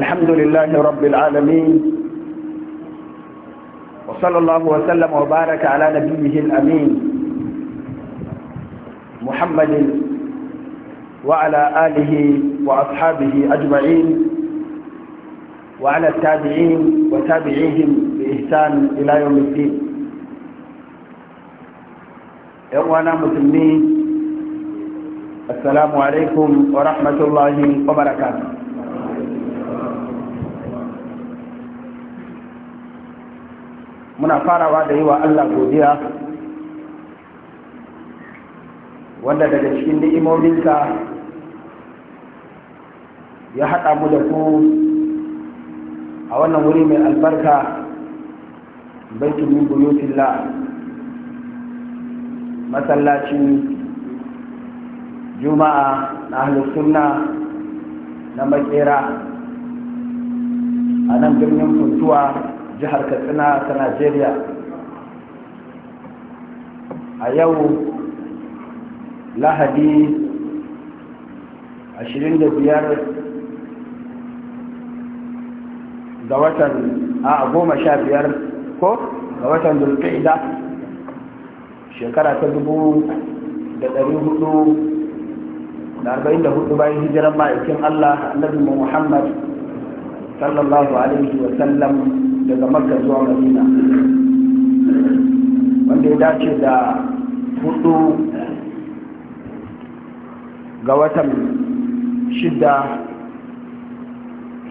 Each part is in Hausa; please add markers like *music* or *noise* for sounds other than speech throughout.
الحمد لله رب العالمين وصلى الله وسلم وبارك على نبيه الأمين محمد وعلى آله وأصحابه أجمعين وعلى التابعين وتابعيهم بإحسان إلى يوم الدين إخوانا مسلمين السلام عليكم ورحمة الله وبركاته muna farawa da yi wa Allah godiya wanda daga cikin ni'imominsa ya haɗa mu da ku a wannan wuri mai albarka baitu min buyutillah masallacin juma'a na ahlus na makera a nan birnin kuntuwa jihar katsina ta najeriya a yau lahadi 25 ga watan a goma sha biyar ko ga watan dulkaida shekara ta dubu da ɗari hudu da arba'in da hudu bayan hijiran ma'aikin allah annabi muhammad sallallahu alaihi wasallam daga makka zuwa madina wanda ya dace da hudu ga watan shida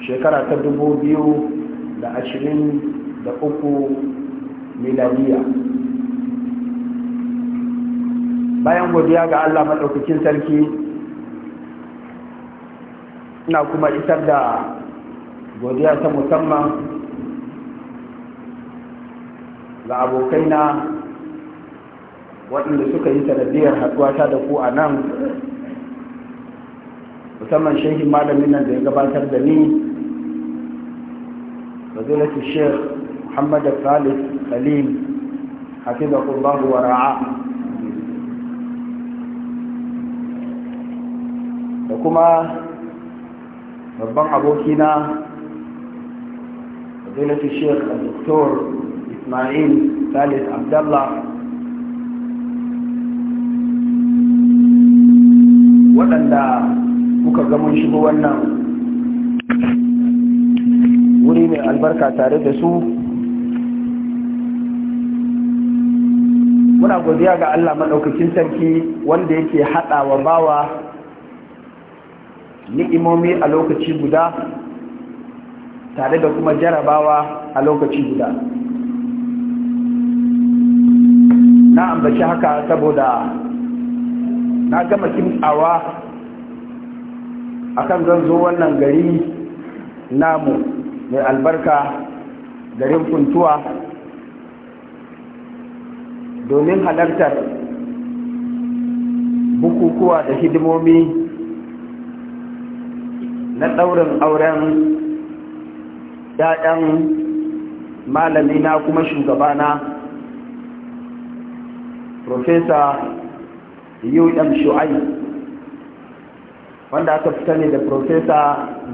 shekara ta dubu biyu da ashirin da uku miladiya bayan godiya ga allah maɗaukakin sarki ina kuma isar da godiya ta musamman ga abokaina waɗanda suka yi sanadiyar haɗuwa da ku a nan musamman shehin malamin nan da ya gabatar da ni zai lafi sheikh muhammad salih khalil hafizahullahu wa ra'a da kuma babban abokina zai lafi sheikh a doktor ismail salis abdallah waɗanda kuka ga mun shigo wannan wuri mai albarka tare da su muna godiya ga allah maɗaukakin sarki wanda yake haɗa wa bawa ni'imomi a lokaci guda tare da kuma jarabawa a lokaci guda ambaci haka saboda na gama kimtsawa akan zan zo wannan gari namu mai albarka garin kuntuwa domin halartar bukukuwa da hidimomi na ɗaurin auren ‘ya'yan malami na kuma shugabana profesa U.M. Shu'ai wanda aka fita ne da profesa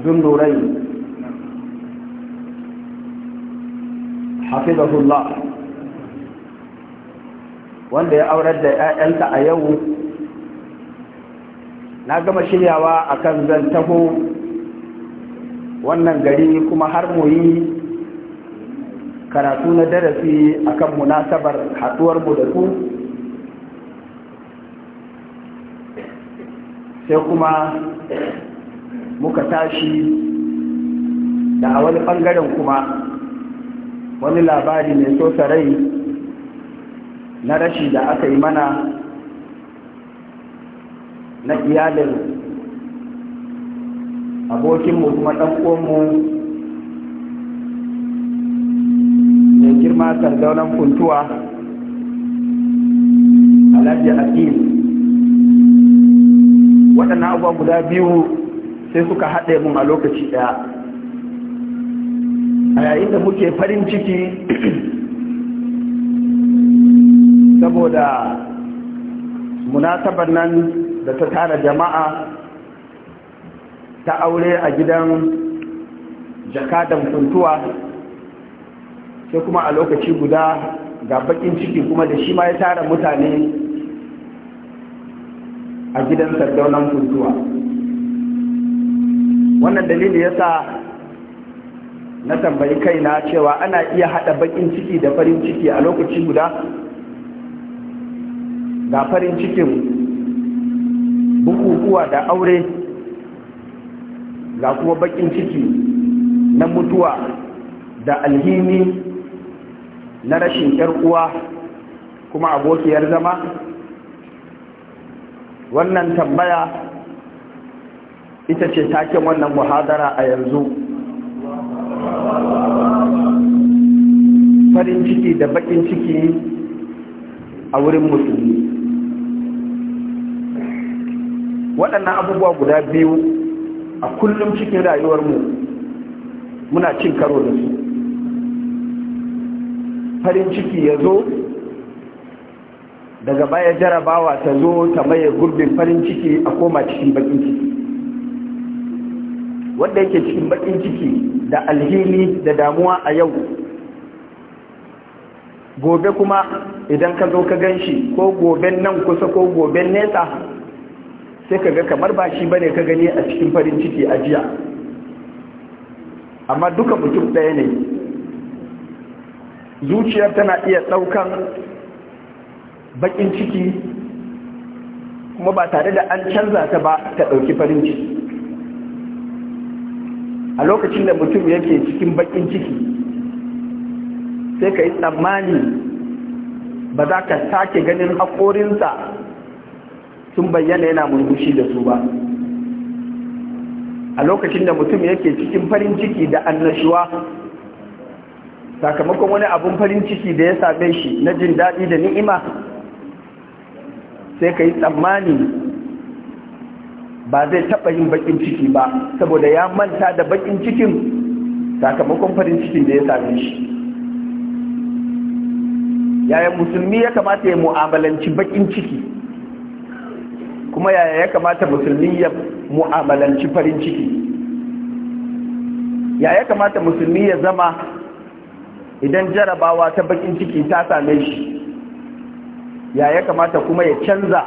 Zundurai hafizahullah wanda ya aurar da 'ya'yanta a yau na gama shiryawa akan zan taho wannan gari kuma har mu yi karatu na darasi akan munasabar haduwar mu da ku sai kuma muka tashi da a wani ɓangaren kuma wani labari mai so rai na rashi da aka yi mana na iyalin abokinmu kuma ɗanƙonmu mai girma sandaunan kuntuwa alhaji hakim waɗannan abubuwa guda biyu sai suka haɗe mun a lokaci ɗaya a yayin da muke farin ciki *clears throat* saboda munasabar nan da ta tara jama'a ta aure a gidan jakadan kuntuwa sai kuma a lokaci guda ga bakin ciki kuma da shi ma ya tara mutane a gidan sardaunan kuntuwa wannan dalili yasa na tambayi kaina cewa ana iya hada bakin ciki da farin ciki a lokaci guda ga farin cikin bukukuwa da aure ga kuma bakin ciki na mutuwa da alhimi na rashin uwa kuma abokiyar zama wannan tambaya ita ce taken wannan muhadara a yanzu farin ciki da bakin ciki a wurin musulmi waɗannan abubuwa guda biyu a kullum cikin rayuwarmu muna cin karo da su farin ciki ya zo daga baya jarabawa ta zo ta maye gurbin farin ciki a koma cikin bakin ciki wanda yake cikin bakin ciki da alhini da damuwa a yau gobe kuma idan ka zo ka gan shi ko goben nan kusa ko goben nesa sai ka ga kamar ba shi bane ka gani a cikin farin ciki a jiya amma duka mutum ɗaya ne zuciyar tana iya ɗaukan bakin ciki kuma ba tare da an canza ta ba ta ɗauki farin ciki a lokacin da mutum yake cikin bakin ciki sai ka yi tsammani ba za ka sake ganin haƙorinsa sun bayyana yana murmushi da su ba a lokacin da mutum yake cikin farin ciki da annashuwa sakamakon wani abun farin ciki da ya same shi na jin daɗi da ni'ima sai ka yi tsammani ba zai taɓa yin baƙin ciki ba saboda ya manta da baƙin cikin sakamakon farin cikin da ya same shi yaya musulmi ya kamata ya mu'amalanci baƙin ciki kuma yaya ya kamata musulmi ya mu'amalanci farin ciki yaya ya kamata musulmi ya zama idan jarabawa ta baƙin ciki ta same shi ya ya kamata kuma ya canza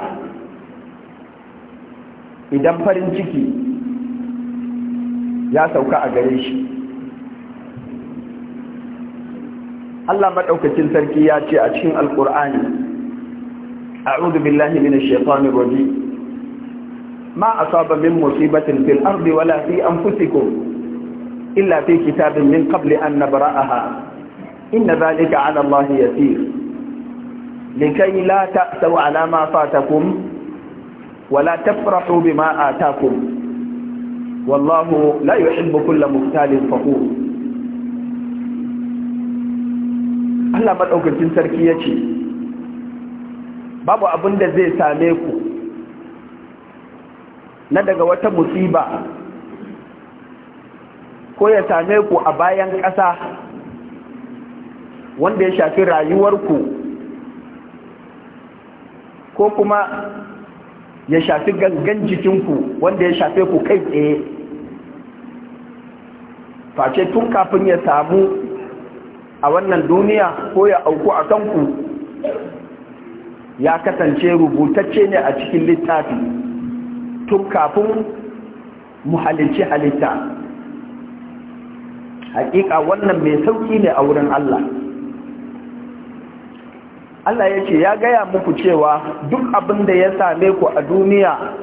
idan farin ciki ya sauka a gare shi Allah maɗaukacin sarki ya ce a cikin alƙur'ani a rudu billahi mini shekwani rodi ma a saba min musibatin fil arbi wala fi an fusiko illa fi kitabin min ƙabli an na bara'aha inna zalika ala Allah ya fi لكي لا ta'sau على ما فاتكم ولا تفرحوا بما آتاكم والله wallahu يحب كل مختال muhtalin Allah maɗaukacin sarki ce. babu abin da zai same ku na daga wata musiba ko ya same ku a bayan ƙasa wanda ya shafi rayuwarku ko kuma ya shafi gangan jikinku wanda ya shafe ku kai tsaye face tun kafin ya samu a wannan duniya ko ya auku a kanku ya kasance rubutacce ne a cikin littafi tun kafin mu halicci halitta hakika wannan mai sauki ne a wurin Allah Allah ya ce ya gaya muku cewa duk abin da ya same ku a duniya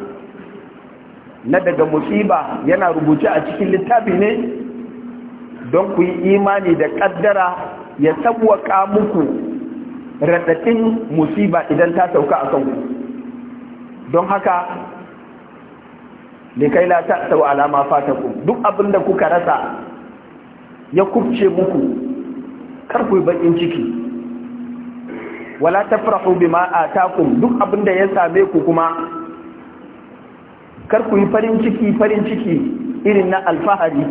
na daga musiba yana rubuce a cikin littafi ne don ku yi imani da ƙaddara ya sauwaƙa muku raɗaɗin musiba idan ta sauka a kanku don haka da la ta sau alama fata ku. duk abin da kuka rasa ya kubce muku kar kuyi baƙin ciki wala tafrahu bima atakum duk abin da ya same ku kuma kar ku yi farin ciki farin ciki irin na alfahari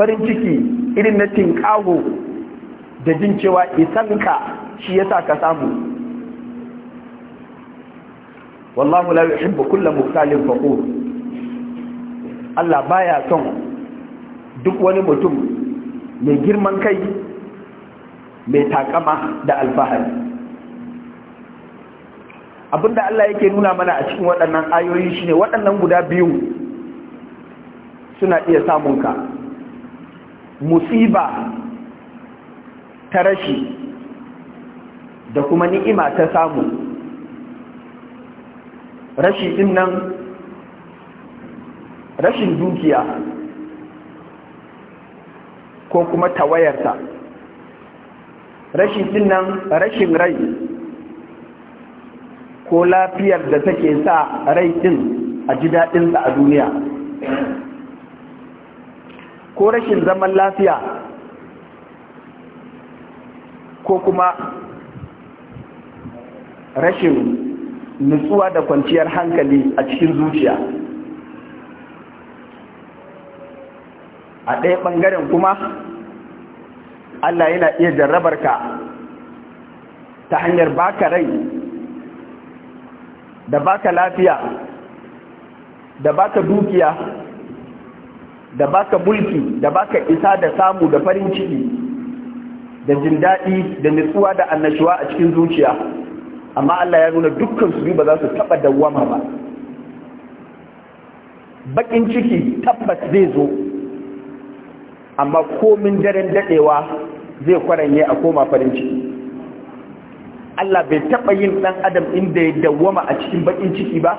farin ciki irin na tinkawo da jin cewa isanka shi yasa ka samu wallahu la yuhibbu kulla muktalin faqur Allah baya son duk wani mutum mai girman kai mai takama da alfahari da Allah yake nuna mana a cikin waɗannan ayoyi shine waɗannan guda biyu suna iya samun ka musiba ta rashi da kuma ni'ima ta samu rashi din nan rashin dukiya ko kuma tawayarta Rashin din nan rashin rai ko lafiyar da take sa rai din a ji daɗinsa a duniya ko rashin zaman lafiya ko kuma rashin nutsuwa da kwanciyar hankali a cikin zuciya a ɗaya ɓangaren kuma Allah yana iya jarrabar ka ta hanyar baka rai da baka lafiya da baka dukiya da baka mulki da baka isa da samu da farin ciki da jin daɗi da nutsuwa da annashuwa a cikin zuciya amma Allah ya nuna dukkan su ba za su taɓa dawwama ba bakin ciki tabbas zai zo amma komin daren daɗewa zai kwaranye a koma farin ciki Allah bai taɓa yin ɗan adam inda ya dawwama a cikin baƙin ciki ba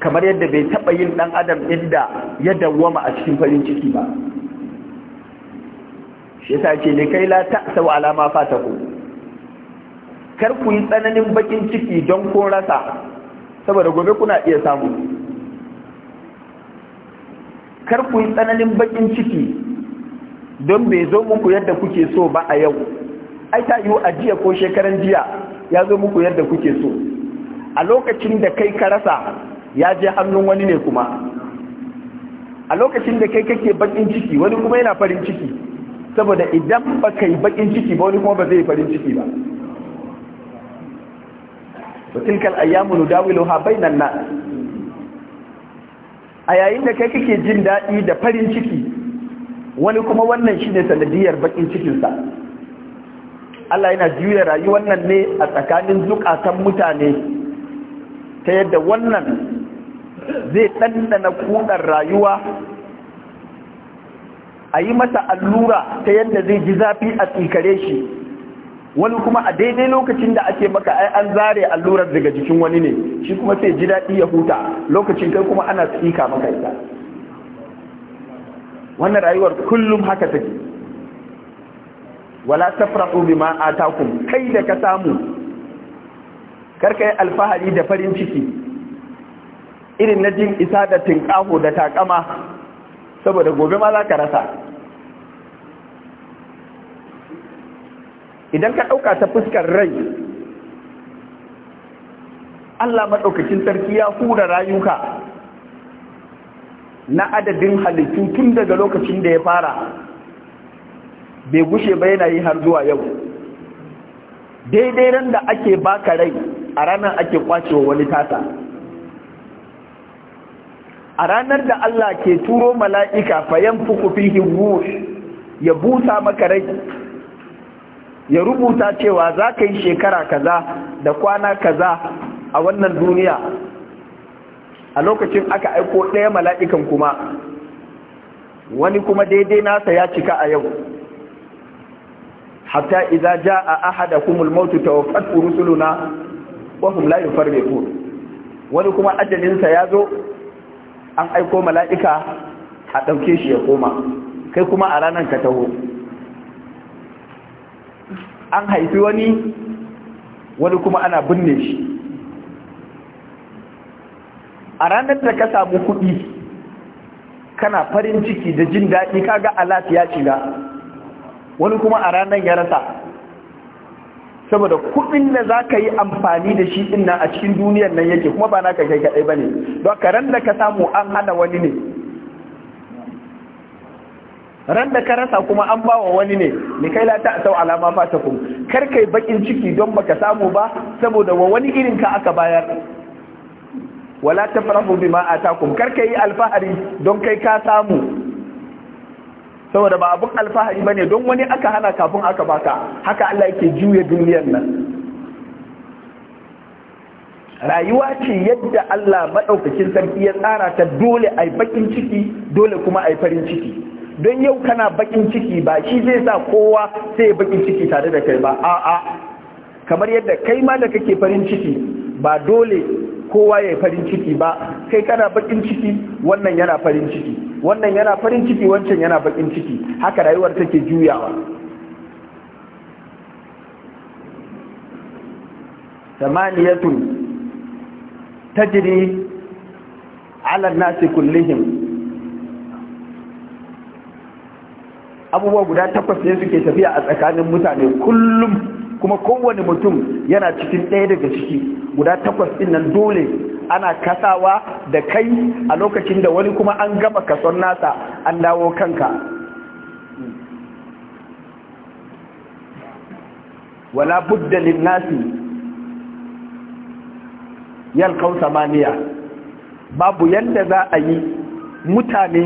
kamar yadda bai taɓa yin ɗan adam inda ya dawwama a cikin farin ciki ba shi yasa ce ne kai la sau alama ma fataku kar ku yi tsananin baƙin ciki don ko rasa saboda gobe kuna iya samu kar ku yi tsananin baƙin ciki don bai zo muku yadda kuke so ba a yau ai ta yiwu a jiya ko shekaran jiya ya zo muku yadda kuke so a lokacin da kai ka rasa ya je hannun wani ne kuma a lokacin da kai kake bakin ciki wani kuma yana farin ciki saboda idan ba kai bakin ciki ba wani kuma ba zai farin ciki ba wa tilkal ayyamu ha bainan nas a yayin da kai kake jin daɗi da farin ciki wani kuma wannan shine sanadiyar bakin cikinsa Allah yana juya rayuwar nan ne a tsakanin zukatan mutane ta yadda wannan zai ɗanɗana kuɗar rayuwa a yi masa allura ta yadda zai ji zafi a tsikare shi wani kuma a daidai lokacin da ake maka ai an zare allurar daga jikin wani ne shi kuma sai ji daɗi ya huta lokacin kai kuma ana tsika maka ita wannan rayuwar kullum haka take wala tafraqu bima ataakum kai da ka samu karka yi alfahari da farin ciki irin na jin isa da tinkaho da takama saboda gobe ma za ka rasa idan ka ɗauka ta fuskar rai Allah maɗaukacin sarki ya hura rayuka na adadin halittu tun daga lokacin da ya fara bai gushe ba yana yi har zuwa yau daidai ran da ake baka rai a ranar ake kwacewa wani tasa a ranar da Allah ke turo mala'ika fayan fukufin fihin ya busa maka rai ya rubuta cewa za ka yi shekara kaza da kwana kaza a wannan duniya a lokacin aka aiko ɗaya mala'ikan kuma wani kuma daidai nasa ya cika a yau hatta da jaa ahadakum ta maut tawaffat rusuluna wa layin farbe ku wani kuma ajalinsa ya zo, an aiko mala'ika a ɗauke shi ya koma kai kuma a ranar ka taho an haifi wani wani kuma ana binne shi a ranar da ka samu kuɗi kana farin ciki da jin daɗi kaga alat ya shiga wani kuma a ranar ya rasa saboda kuɗin da za ka yi amfani da shi ɗin a cikin duniyar nan yake kuma ba na ka kai kaɗai ba ne don ka ran da ka samu an hana wani ne ran da ka rasa kuma an ba wa wani ne ni kai la ta sau alama fata kun kar kai bakin ciki don baka samu ba saboda wa wani irin ka aka bayar wala ta tafrahu bima atakum karka yi alfahari don kai ka samu saboda ba abin alfahari ne don wani aka hana kafin aka baka haka Allah yake juya duniyar nan rayuwa ce yadda Allah maɗaukacin sarki ya tsara ta dole a yi bakin ciki dole kuma a yi farin ciki don yau kana bakin ciki ba shi zai sa kowa sai ya bakin ciki tare da kai ba a'a kamar yadda kai ma da kake farin ciki ba dole kowa ya yi farin ciki ba kai kana bakin ciki wannan yana farin ciki wannan yana farin ciki wancan yana bakin ciki haka rayuwar take juyawa samaniyatun tajri ala nasi kullihim abubuwa guda takwas ne suke tafiya a tsakanin mutane kullum kuma kowane mutum yana cikin ɗaya daga ciki guda takwas ɗin nan dole ana kasawa da kai a lokacin da wani kuma an gama kason nasa an dawo kanka wala budda lin nasi yalkau samaniya babu yadda za a yi mutane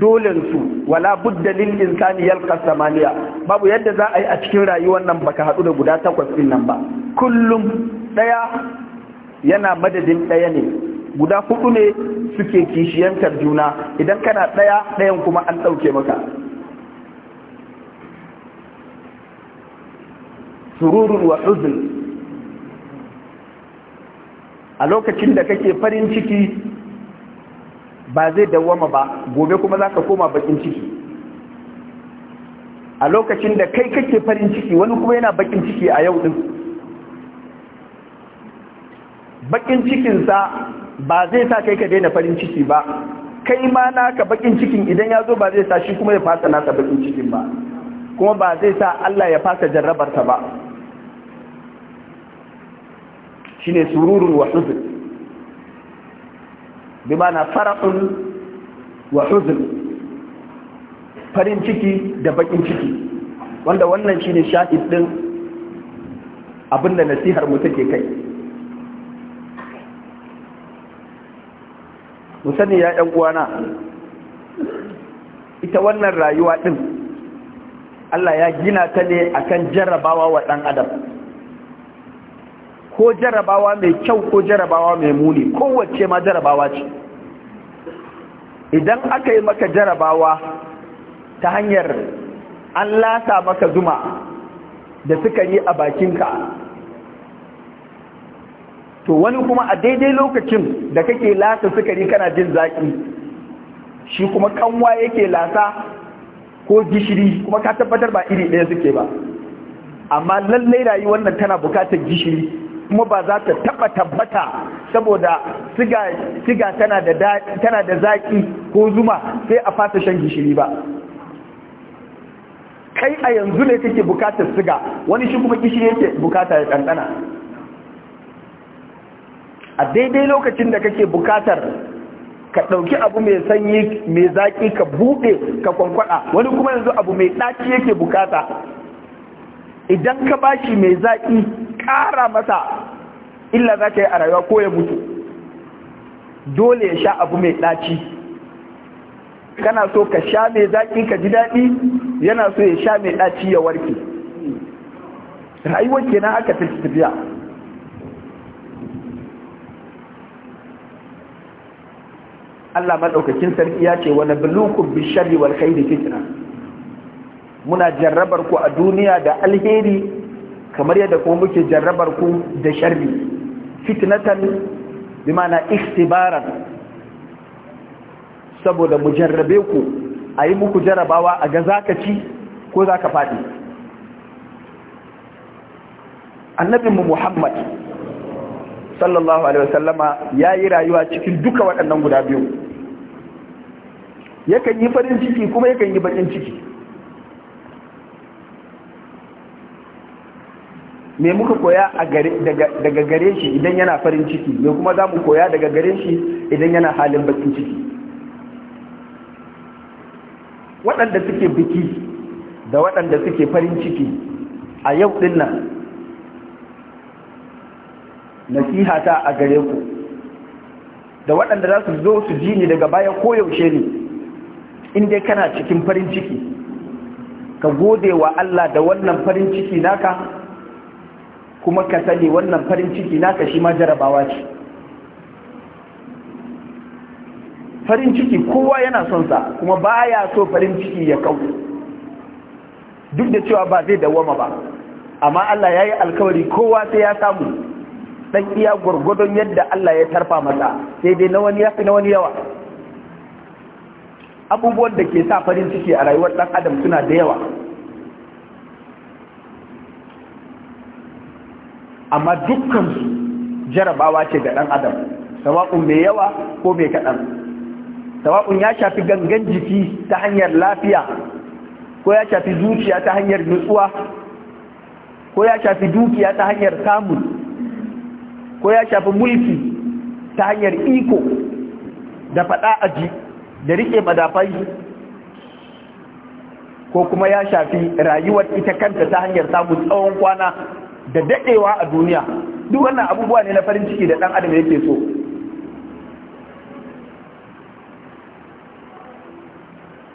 dolensu wala budda lil insani samaniya babu yadda za a yi a cikin rayuwar nan baka haɗu da guda takwas din nan ba kullum ɗaya. yana madadin ɗaya ne guda hudu ne suke kishiyantar juna idan kana ɗaya ɗayan kuma an ɗauke maka sururun wa ɗuzin a lokacin da kake farin ciki ba zai dawwama ba gobe kuma za ka koma bakin ciki a lokacin da kai kake farin ciki wani kuma yana bakin ciki a yau din bakin cikinsa ba zai sa kai ka daina farin ciki ba kai ma naka bakin cikin idan ya zo ba zai sa shi kuma ya fasa nasa bakin cikin ba kuma ba zai sa Allah ya fasa jarrabarsa ba shine sururun wa huzn bi ma'ana farahun wa huzn farin ciki da bakin ciki wanda wannan shine shahid din abinda nasihar mu take kai musani ya ɗan uwana ita wannan rayuwa ɗin Allah ya gina ta ne akan jarrabawa wa ɗan adam ko jarrabawa mai kyau ko jarrabawa mai muni kowace ma jarrabawa ce idan aka yi maka jarrabawa ta hanyar an lasa maka zuma da suka yi a bakinka to wani kuma a daidai lokacin da kake lasa sukari kana jin zaƙi, shi kuma kanwa yake lasa ko gishiri kuma ka tabbatar ba iri ɗaya suke ba amma lallai rayu wannan tana bukatar gishiri kuma ba za ta taba tabbata saboda siga tana da zaƙi ko zuma sai a fasa shan gishiri ba kai a yanzu ne kake bukatar siga wani shi kuma gishiri yake bukata ya ɗanɗana. a daidai lokacin da kake bukatar ka ɗauki abu mai sanyi mai zaƙi ka buɗe ka kwankwada wani kuma yanzu abu mai ɗaci yake bukata idan ka bashi mai zaƙi ƙara masa illa za ka yi a rayuwa ko ya mutu dole ya sha abu mai ɗaci kana so ka sha mai zaƙi ka ji daɗi yana so ya sha mai ɗaci ya warke rayuwar kenan aka tafi tafiya Allah madaukakin sarki ya ce wa nabluukum bishari wal da fitina? muna jarrabar ku a duniya da alheri kamar yadda kuma muke jarrabar ku da sharri fitnatan bimana ikhtibaran saboda mu jarrabe ku a yi muku jarrabawa a ga zaka ci ko ka faɗi annabinmu muhammad sallallahu alaihi wasallama ya yi rayuwa cikin duka waɗannan guda biyu yakan yi farin ciki kuma yakan yi bakin ciki me muka koya daga gare shi idan yana farin ciki me kuma za mu koya daga gare shi idan yana halin bakin ciki waɗanda suke biki da waɗanda suke farin ciki a yau ɗin nan ta a gare ku da waɗanda za su zo su ji ni daga baya koyaushe ne in dai kana cikin farin ciki ka gode wa Allah da wannan farin ciki naka kuma ka sani wannan farin ciki naka shi ma jarabawa ce farin ciki kowa yana son sa kuma baya so farin ciki ya kau duk da cewa ba zai dawoma ba amma Allah ya yi alkawari kowa sai ya samu ɗan iya gwargwadon yadda Allah ya tarfa masa sai dai na wani yawa abubuwan da ke sa farin ciki a rayuwar ɗan adam suna da yawa amma dukkansu jarabawa ce ga ɗan adam sawa'un mai yawa ko mai kaɗan sawa'un ya shafi gangan jiki ta hanyar lafiya ko ya shafi zuciya ta hanyar nutsuwa ko ya shafi dukiya ta hanyar samun ko ya shafi mulki ta hanyar iko da faɗa aji da rike madafai ko kuma ya shafi rayuwar ita kanta ta hanyar samun tsawon kwana da daɗewa a duniya duk wannan abubuwa ne na farin ciki da ɗan adam yake so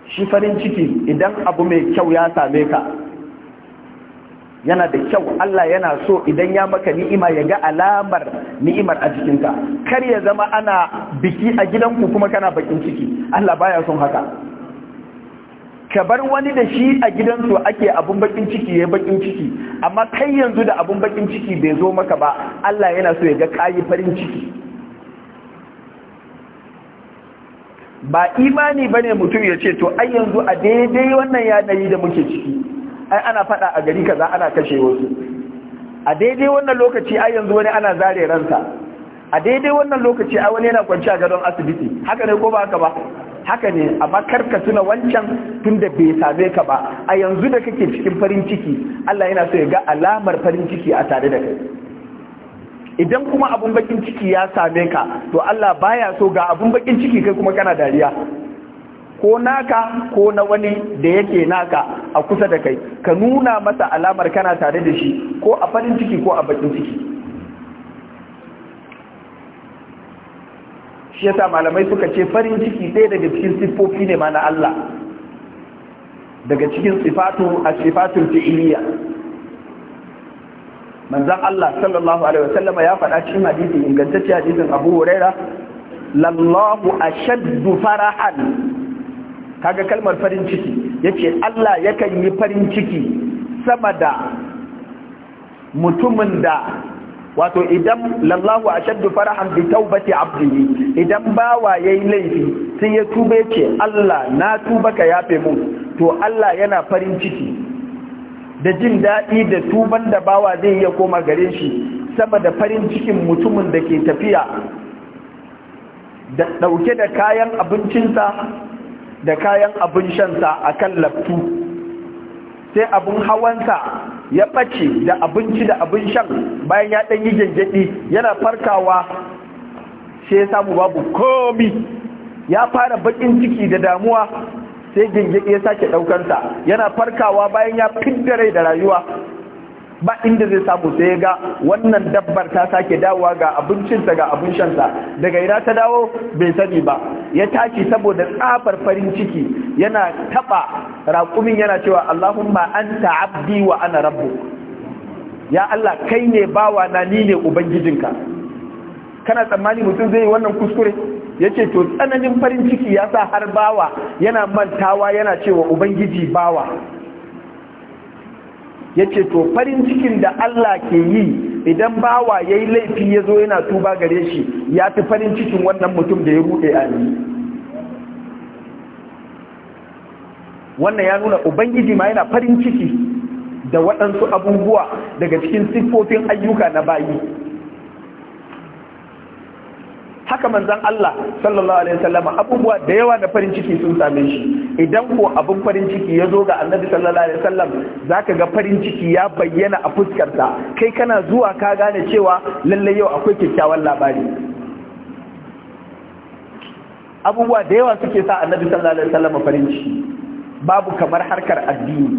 shi farin ciki idan abu mai kyau ya same ka yana da kyau Allah yana so idan ya maka ni'ima ya ga alamar ni'imar a jikinka kar ya zama ana biki a gidanku kuma kana bakin ciki Allah baya son haka ka bar wani da shi a gidansu ake abun bakin ciki ya bakin ciki amma kai yanzu da abun bakin ciki bai zo maka ba Allah yana so ya ga kayi farin ciki ba imani bane mutum ya ce to ai yanzu a daidai wannan yanayi da muke ciki ai ana faɗa a gari kaza ana kashe wasu a daidai wannan lokaci ai yanzu wani ana zare ransa a daidai wannan lokaci ai wani yana kwanci a gadon asibiti haka ne ko ba haka ba haka ne amma kar ka tuna wancan tunda bai same ka ba a yanzu da kake cikin farin ciki Allah yana so ya ga alamar farin ciki a tare da kai idan kuma abun bakin ciki ya same ka to Allah baya so ga abun bakin ciki kai kuma kana dariya ko naka ko na wani da yake naka a kusa da kai ka nuna masa alamar kana tare da shi ko a farin ciki ko a bakin ciki shi yasa malamai suka ce farin ciki ɗaya daga cikin siffofi ne ma na Allah daga cikin sifatu a sifatun fi'iliya manzan Allah sallallahu alaihi wasallam ya faɗa cikin hadisi ingantacciya hadisin Abu Huraira lallahu ashaddu farahan kaga kalmar farin ciki yace Allah yakan yi farin ciki sama da mutumin da wato idan lallahu ashaddu farahan bi taubati abdihi idan bawa yayi laifi sai ya tuba yace Allah na tuba ka yafe mu to Allah yana farin ciki da jin daɗi da tuban da bawa zai iya koma gare shi sama da farin cikin mutumin da ke tafiya da ɗauke da kayan abincinsa da kayan abin shansa a kan laftu sai abin hawansa ya ɓace da abinci da abin shan bayan ya ɗanyi yi yana farkawa sai ya samu babu komi ya fara baƙin ciki da damuwa sai gyangyaɗi ya sake ɗaukansa yana farkawa bayan ya fidda rai da rayuwa ba inda zai samu sai ga wannan dabbar ta sake dawowa ga abincinsa ga abin shansa daga ina ta dawo bai sani ba ya tashi saboda tsafar farin ciki yana taba raƙumin yana cewa Allahumma anta abdi wa ana rabbu ya Allah kai ne bawa na ni ne ubangijinka kana tsammani mutum zai yi wannan kuskure ya ce to tsananin farin ciki ya sa har bawa yana mantawa yana cewa ubangiji bawa Ya ce to farin cikin da Allah ke yi idan bawa yi laifi ya zo yana tuba gare shi ya fi farin cikin wannan mutum da ya buɗe a ni wannan ya nuna ubangiji ma yana farin ciki da waɗansu abubuwa daga cikin siffofin ayyuka na bayi haka manzon Allah sallallahu alaihi wasallam abubuwa da yawa da farin ciki sun same shi idan ko abin farin ciki ya zo ga annabi sallallahu alaihi wasallam zaka ga farin ciki ya bayyana a fuskarsa kai kana zuwa ka gane cewa lallai yau akwai kyakkyawan labari abubuwa da yawa suke sa annabi sallallahu alaihi wasallam farin ciki babu kamar harkar addini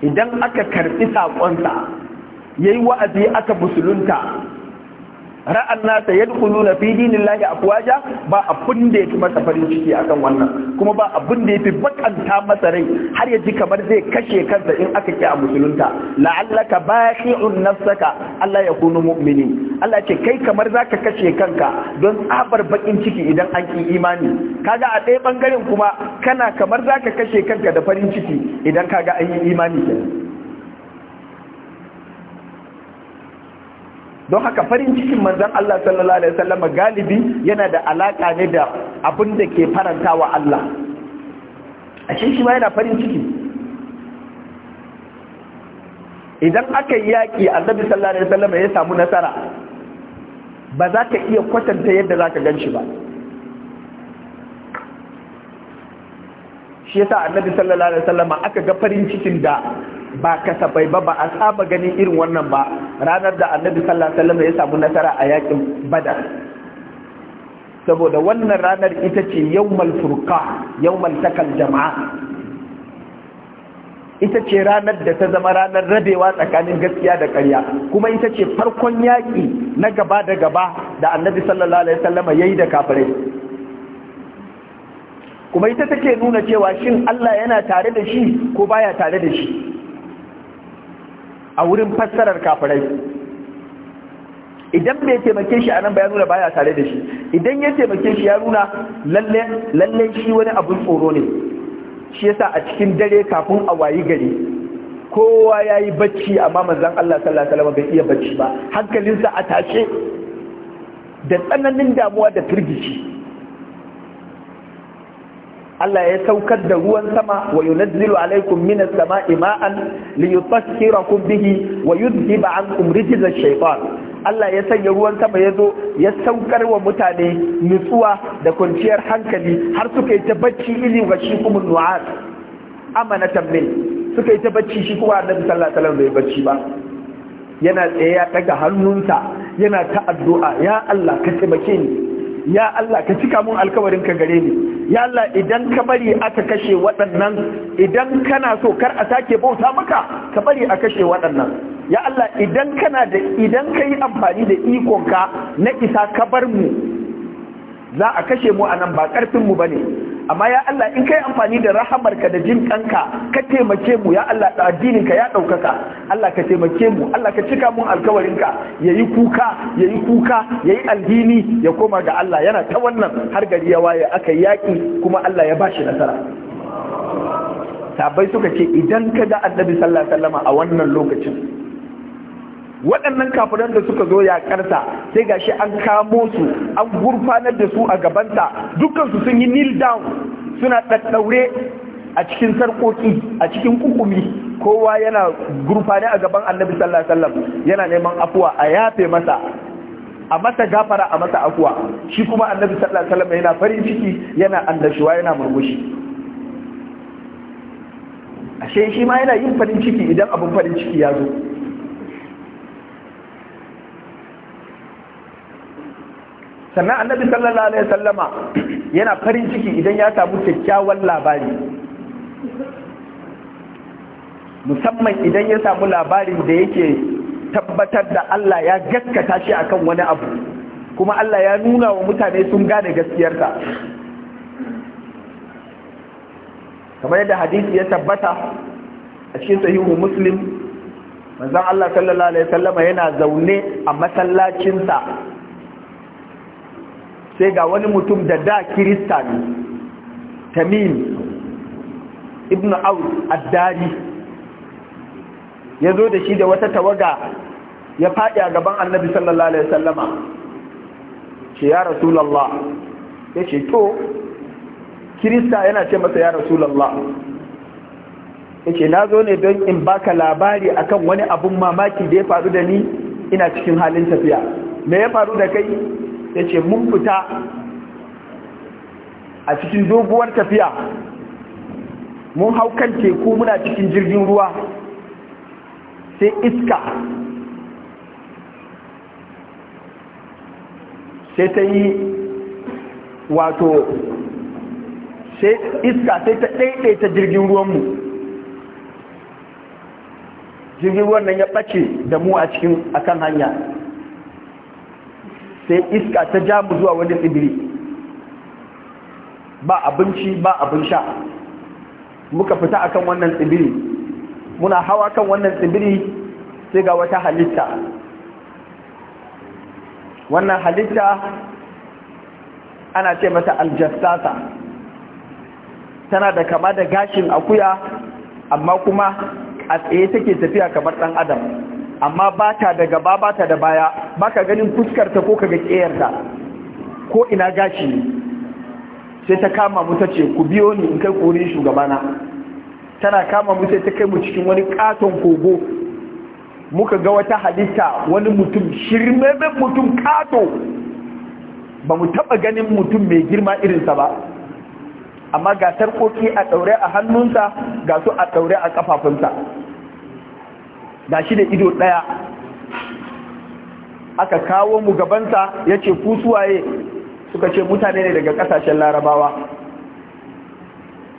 idan aka karbi sa yayi wa'azi aka musulunta ra'an nasa yadkhuluna fi dinillahi afwaja ba abin da yake masa farin ciki akan wannan kuma ba abin da fi bakanta masa rai har ya ji kamar zai kashe kansa in aka ki a musulunta la'allaka bashi'un nafsaka Allah ya kunu mu'mini Allah ce kai kamar zaka kashe kanka don tsabar bakin ciki idan an ki imani kaga a ɗaya bangaren kuma kana kamar zaka kashe kanka da farin ciki idan kaga an yi imani don haka farin cikin manzon Allah sallallahu alaihi wasallama galibi yana da alaƙa ne da abin da ke faranta wa Allah cikin shi ma yana farin ciki idan aka yi yaki annabi sallallahu alaihi wasallama ya samu nasara ba za ka iya kwatanta yadda za ka gan shi ba shi ya sa annabi sallallahu alaihi wasallama aka ga farin cikin da ba kasafai ba ba a saba ganin irin wannan ba ranar da annabi sallallahu alaihi ya samu nasara a yakin badar saboda wannan ranar ita ce yawmal furqa yawmal takal jama'a ita ce ranar da ta zama ranar rabewa tsakanin gaskiya da ƙarya kuma ita ce farkon yaƙi na gaba da gaba da annabi sallallahu alaihi wasallam yayi da kafirai kuma ita take nuna cewa shin Allah yana tare da shi ko baya tare da shi a wurin fassarar kafirai idan bai taimake shi a nan ba ya nuna baya tare da shi idan ya taimake shi ya nuna lalle shi wani abun tsoro ne shi yasa a cikin dare kafin a wayi gari kowa yi bacci amma mazan Allah sallallahu bai iya bacci ba hankalinsa a tashe da tsananin damuwa da firgici Allah ya saukar da ruwan sama wa yunazzilu alaikum minas sama'i ma'an li bihi wa yudhhiba ankum rijza shaytan Allah ya sanya ruwan sama ya zo ya saukar wa mutane nutsuwa da kwanciyar hankali har suka yi ta bacci ili wa shi kuma nu'at amanatan min suka yi ta bacci shi kuma annabi sallallahu alaihi wasallam bai bacci ba yana tsaye daga hannunsa yana ta addu'a ya Allah ka taimake ni ya Allah ka cika mun alkawarin ka gare ni ya Allah idan ka bari aka kashe waɗannan idan kana so kar a sake bauta maka ka bari a kashe waɗannan ya Allah idan kana da idan ka yi amfani da ikonka na isa ka bar mu za a kashe mu a nan ba ƙarfin mu bane amma ya Allah in kai amfani da rahamarka da jin kanka ka taimake mu ya Allah da addinin ka ya daukaka Allah ka taimake mu Allah ka cika mun alkawarin ka yayi kuka yayi kuka yayi aljini ya koma ga Allah yana ta wannan har gari ya waye aka yaki kuma Allah ya bashi nasara sabai suka ce idan ka ga annabi sallallahu alaihi wasallama a wannan lokacin waɗannan kafiran da suka zo yaƙarta sai ga shi an kamo su an gurfanar da su a gabanta dukansu sun yi kneel down suna ɗaɗɗaure a cikin sarƙoƙi a cikin ƙuƙumi kowa yana gurfane a gaban annabi sallallahu alaihi wasallam yana neman afuwa a yafe masa a masa gafara a masa afuwa shi kuma annabi sallallahu alaihi wasallam yana farin ciki yana annashuwa yana murmushi ashe shi ma yana yin farin ciki idan abin farin ciki ya zo sannan annabi sallallahu alaihi sallama yana farin ciki idan ya samu kyakkyawan labari musamman idan ya samu labarin da yake tabbatar da Allah ya gaskata shi akan wani abu kuma Allah ya nuna wa mutane sun gane gaskiyarsa kamar yadda hadisi ya tabbata a cikin sahihu muslim manzon Allah sallallahu alaihi sallama yana zaune a masallacinsa sai ga wani mutum da da kirista ne tamim ibn aus addari ya zo da shi da wata tawaga ya faɗi a gaban annabi sallallahu alaihi sallama ce ya rasulallah ya ce to kirista yana ce masa ya rasulallah ya ce na zo ne don in baka labari akan wani abun mamaki da ya faru da ni ina cikin halin tafiya me ya faru da kai ya ce mun fita a cikin doguwar tafiya mun hau kan teku muna cikin jirgin ruwa sai iska sai ta yi wato sai iska sai ta ɗaiɗaita jirgin ruwanmu jirgin ruwan nan ya ɓace da mu a cikin akan hanya sai iska ta ja mu zuwa wani tsibiri ba abinci ba abin sha muka fita akan wannan tsibiri muna hawa kan wannan tsibiri sai ga wata halitta wannan halitta ana ce mata aljassasa tana da kama da gashin akuya amma kuma a tsaye take tafiya kamar ɗan adam amma ba ta da gaba ba ta da baya ba ka ganin fuskarta ko kaga ƙeyarta ko ina gashi sai ta kama mu ta ce ku biyo ni in kai korin shugabana tana kama mu sai ta kai mu cikin wani katon kogo muka ga wata halitta wani mutum shirmeben mutum kato ba mu taba ganin mutum mai girma irinsa ba amma ga tarkoki a ɗaure a hannunsa ga su a ɗaure a kafafunsa. shi da ido ɗaya aka kawo mu gabanta ya ce kusuwaye suka ce mutane ne daga ƙasashen larabawa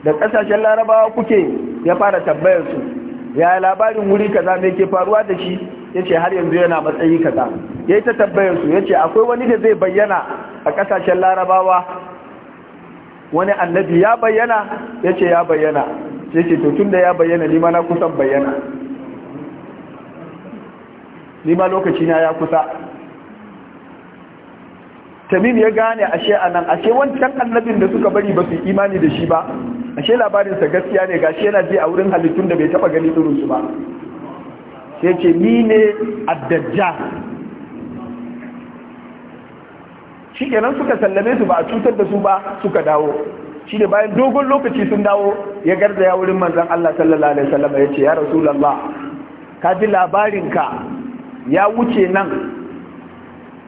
da ƙasashen larabawa kuke ya fara tambayarsu su ya labarin wuri kaza mai ke faruwa da shi ya ce har yanzu yana matsayi kaza ya yi ta tambayarsu su ya ce akwai wani da zai bayyana a ƙasashen larabawa wani annabi ya bayyana ya ce ya bayyana Ya ce to tun da ya bayyana ni ma na kusan bayyana ni ma lokaci na ya kusa tamim ya gane ashe anan ashe wancan annabin da suka bari ba su imani da shi ba ashe labarinsa gaskiya ne gashi yana ji a wurin halittun da bai taba gani su ba sai ce ni ne addajja shi nan suka sallame su ba a cutar da su ba suka dawo shi ne bayan dogon lokaci sun dawo ya garzaya wurin manzan Allah sallallahu alaihi wasallam ya ce ya rasulullah ka ji labarinka ya wuce nan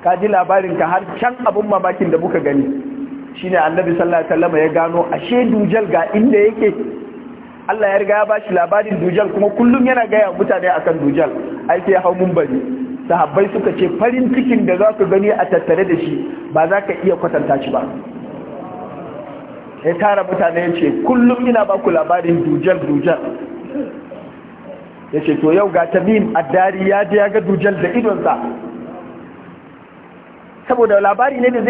ka ji labarin ka har can abin mamakin da muka gani Shi ne annabi sallallahu alaihi wasallam ya gano ashe dujal ga inda yake Allah ya riga ya bashi labarin dujal kuma kullum yana gaya mutane akan dujal ai sai hau bari. sahabbai suka ce farin cikin da za ku gani a tattare da shi ba za ka iya kwatanta shi ba ya tara mutane ya ce kullum ina ba ku labarin dujal dujal ya ce to yau ga tamim dari ya je ya ga dujal da idonsa saboda labari ne da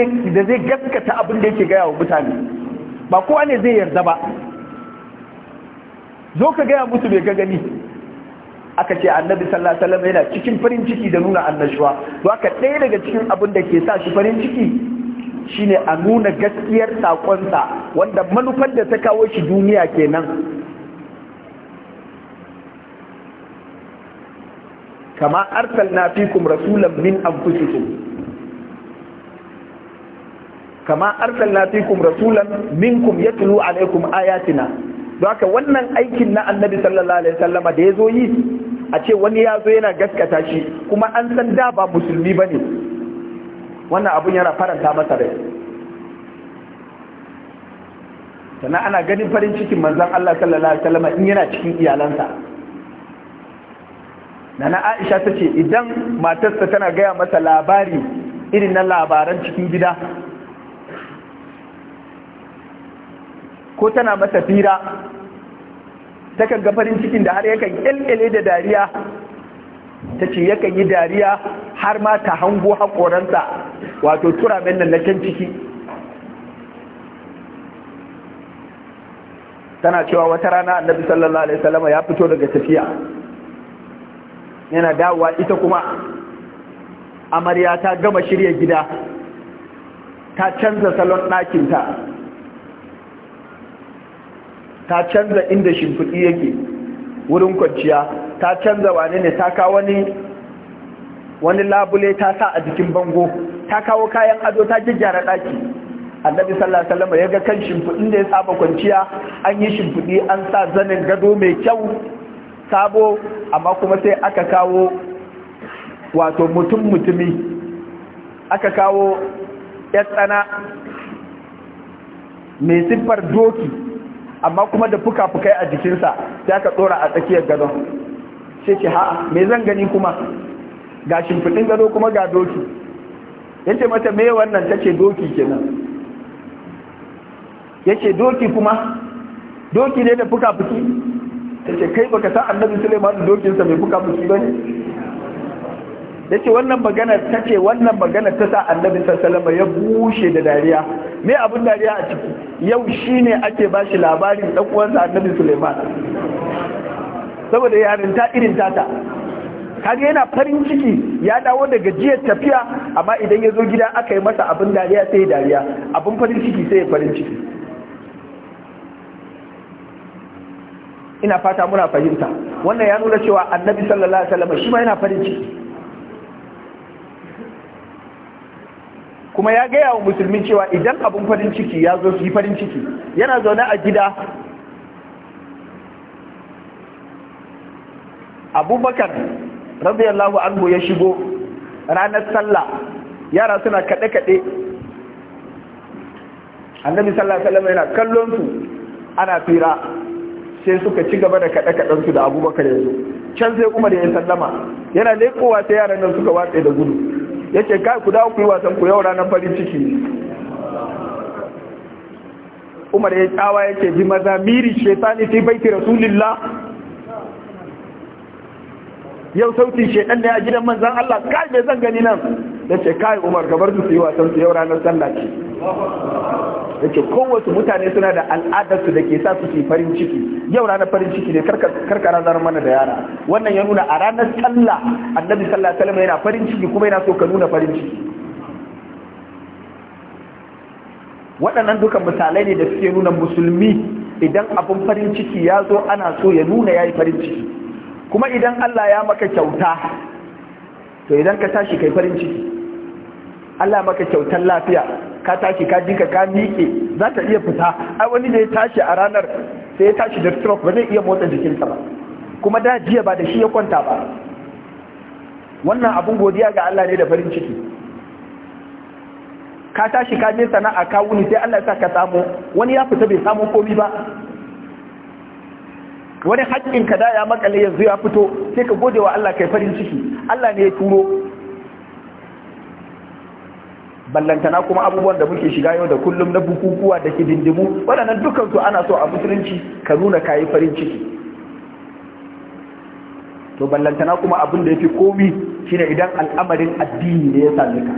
zai gaskata abin da yake gaya wa mutane ba kowa ne zai yarda ba zo ka gaya musu bai ga gani aka ce annabi sallallahu alaihi wasallam yana cikin farin ciki da nuna annashuwa to aka ɗaya daga cikin abin da ke sa shi farin ciki shine a nuna gaskiyar sakonsa wanda manufar da ta kawo shi duniya kenan kama fi fikum rasulan min anfusikum kama arsalna fikum rasulan minkum yatlu alaikum ayatina don haka wannan aikin na annabi sallallahu alaihi wasallama da ya zo yi a ce wani ya zo yana gaskata shi kuma an san da ba musulmi ba ne wannan abun yana faranta masa rai sannan ana ganin farin cikin manzon Allah sallallahu alaihi wasallama in yana cikin iyalansa Na aisha ta ce idan matarsa tana gaya masa labari irin na labaran cikin gida ko tana masa fira takan ga farin cikin da har yakan kyalkyale da dariya ta ce yakan yi dariya har ma ta hango haƙoransa wato turamen nan na ciki tana cewa wata rana annabi sallallahu alaihi wasallam ya fito daga tafiya yana dawowa ita kuma amarya ta gama shirya gida ta canza salon ɗakinta ta canza inda shimfiɗi yake wurin kwanciya ta canza wane ne ta kawo wani wani labule ta sa a jikin bango ta kawo kayan ado ta gyara ɗaki annabi sallallahu alaihi wasallam ya ga kan shimfiɗin da ya saba kwanciya an yi shimfiɗi an sa zanin gado mai kyau sabo amma kuma sai aka kawo wato mutum mutumi aka kawo tsana mai siffar doki amma kuma da fuka-fukai a jikinsa sai aka ɗora a tsakiyar gado. sai ce ha'a me zan gani kuma ga shimfiɗin gado kuma ga doki Ya ce mata me wannan ta ce doki kenan ce doki kuma doki ne da fuka-fuki take kai baka sa annabi Sulaiman dokin sa mai buka musu bane yace wannan magana take wannan magana ta sa annabi sallallahu alaihi wasallam ya bushe da dariya me abin dariya a ciki yau shine ake bashi labarin dan uwansa annabi Sulaiman saboda yarinta irin tata kaga yana farin ciki ya dawo daga jiyar tafiya amma idan ya zo gida aka yi masa abin dariya sai dariya abin farin ciki sai farin ciki ina fata muna fahimta wannan ya nuna cewa annabi sallallahu alaihi wasallam shi ma yana farin ciki kuma ya gaya wa musulmi cewa idan abin farin ciki ya zo su yi farin ciki yana zaune a gida abubakar radiyallahu anhu ya shigo ranar sallah yara suna kaɗe-kaɗe annabi sallallahu alaihi wasallam yana kallon su ana fira sai suka ci gaba da kaɗe kaɗen su da abubakar yanzu can sai umar ya sallama yana leƙowa sai yaran nan suka watse da gudu yace kai ku dawo ku yi wasan ku yau ranar farin ciki umar ya tsawa yake ji maza miri shaitani fi baiti rasulillah yau sautin shaidan ne a gidan manzan Allah kai mai zan gani nan yace kai Umar ka bar su yi wasan su yau ranar sallah ce yace kowace mutane suna da al'adarsu da ke sa su ke farin ciki yau ranar farin ciki ne karka zarar mana da yara wannan ya nuna a ranar sallah Annabi Sallah alaihi yana farin ciki kuma yana so ka nuna farin ciki waɗannan duka misalai ne da suke nuna musulmi idan abin farin ciki ya zo ana so ya nuna ya yi farin ciki kuma idan Allah ya maka kyauta to idan ka tashi kai farin ciki Allah maka kyautar lafiya ka tashi ka jinka ka miƙe za ta iya fita ai wani da ya tashi a ranar sai ya tashi da stroke ba zai iya motsa jikinsa ba kuma da jiya ba da shi ya kwanta ba wannan abun godiya ga Allah ne da farin ciki ka tashi ka je sana'a ka wuni sai Allah ya sa ka samu wani ya fita bai samu komi ba wani haƙƙin ka da ya makale yanzu ya fito sai ka gode wa Allah kai farin ciki Allah ne ya turo ballantana kuma abubuwan da muke shiga yau da kullum na bukukuwa da kidindimu waɗannan dukansu ana so a musulunci ka nuna kayi farin ciki to ballantana kuma abin da ya fi komi shine idan al'amarin addini ne ya sami ka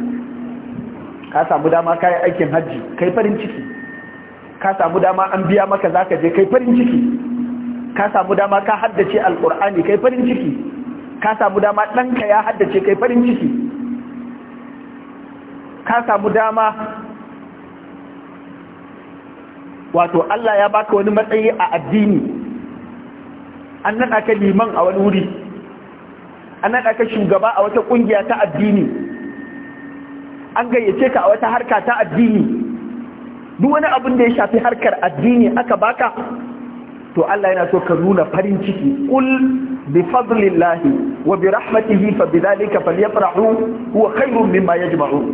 ka samu dama kayi aikin hajji kai farin ciki ka samu dama an biya maka zaka je kai farin ciki ka samu dama ka haddace Alƙur'ani kai farin ciki ka samu dama ɗanka ya haddace kai farin ciki ka samu dama wato Allah ya baka wani matsayi a addini an naɗa ka liman a wani wuri an naɗa ka shugaba a wata ƙungiya ta addini an gayyace ka a wata harka ta addini duk wani abin da ya shafi harkar addini aka baka to Allah yana so ka nuna farin ciki kul bi fadlillahi wa bi rahmatihi fa bidhalika falyafrahu huwa khairun mimma yajma'un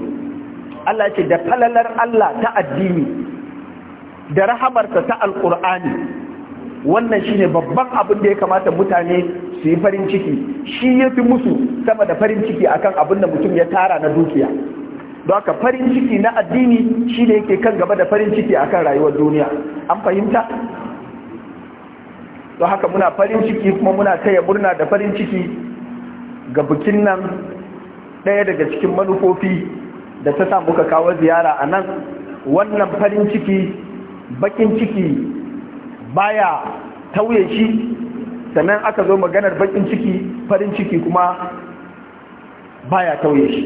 Allah ce da falalar Allah ta addini da rahamarsa ta alqur'ani wannan shine babban abin da ya kamata mutane su yi farin ciki shi yafi musu sama da farin ciki akan abin da mutum ya tara na dukiya don haka farin ciki na addini shine yake kan gaba da farin ciki akan rayuwar duniya an fahimta don haka muna farin ciki kuma muna taya murna da farin ciki ga bikin nan ɗaya daga cikin manufofi da ta samu ka kawo ziyara a nan wannan farin ciki bakin ciki baya tauye shi sannan aka zo maganar bakin ciki farin ciki kuma baya tauye shi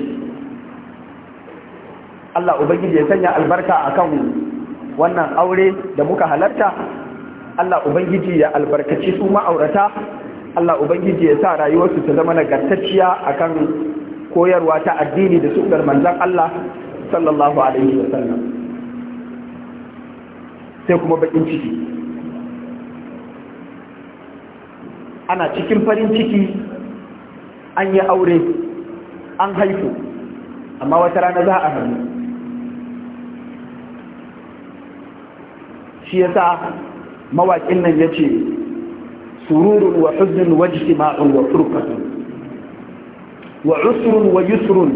Allah Ubangiji ya sanya albarka a kan wannan aure da muka halarta Allah ubangiji ya albarkaci su ma'aurata Allah ubangiji ya sa rayuwarsu ta zama nagartacciya akan koyarwa ta addini da sunnar manzan Allah sallallahu alaihi wasallam sai kuma bakin ciki ana cikin farin ciki an yi aure an haifu amma wata rana za a hannu shi yasa mawaƙin nan ya ce sururun wa huznun wa jima'un wa furfatun wa usurun wa yusurun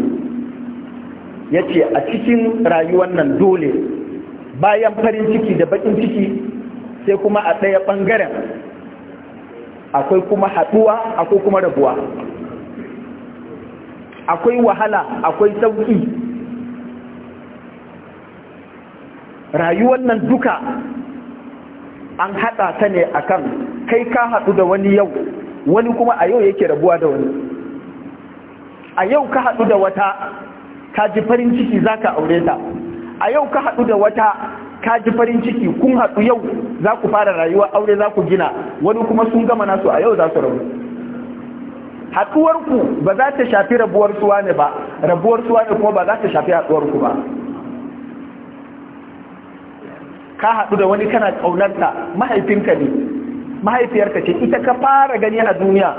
ya ce a cikin rayuwan nan dole bayan farin ciki da baƙin ciki sai kuma a ɗaya ɓangaren akwai kuma haɗuwa akwai kuma rabuwa akwai wahala akwai sauƙi rayuwar nan duka an haɗa ta ne akan kai ka haɗu da wani yau wani kuma a yau yake rabuwa da wani a yau ka haɗu da wata ka ji farin ciki za ka aure ta a yau ka haɗu da wata ka ji farin ciki kun haɗu yau za ku fara rayuwa aure za ku gina wani kuma sun gama nasu a yau za su rabu haɗuwarku ba za ta shafi rabuwar suwa ne ba rabuwar suwa ne kuma ba za ta shafi haɗuwarku ba ka haɗu da wani kana ƙaunarta mahaifinka ne mahaifiyarka ce ita ka fara gani a duniya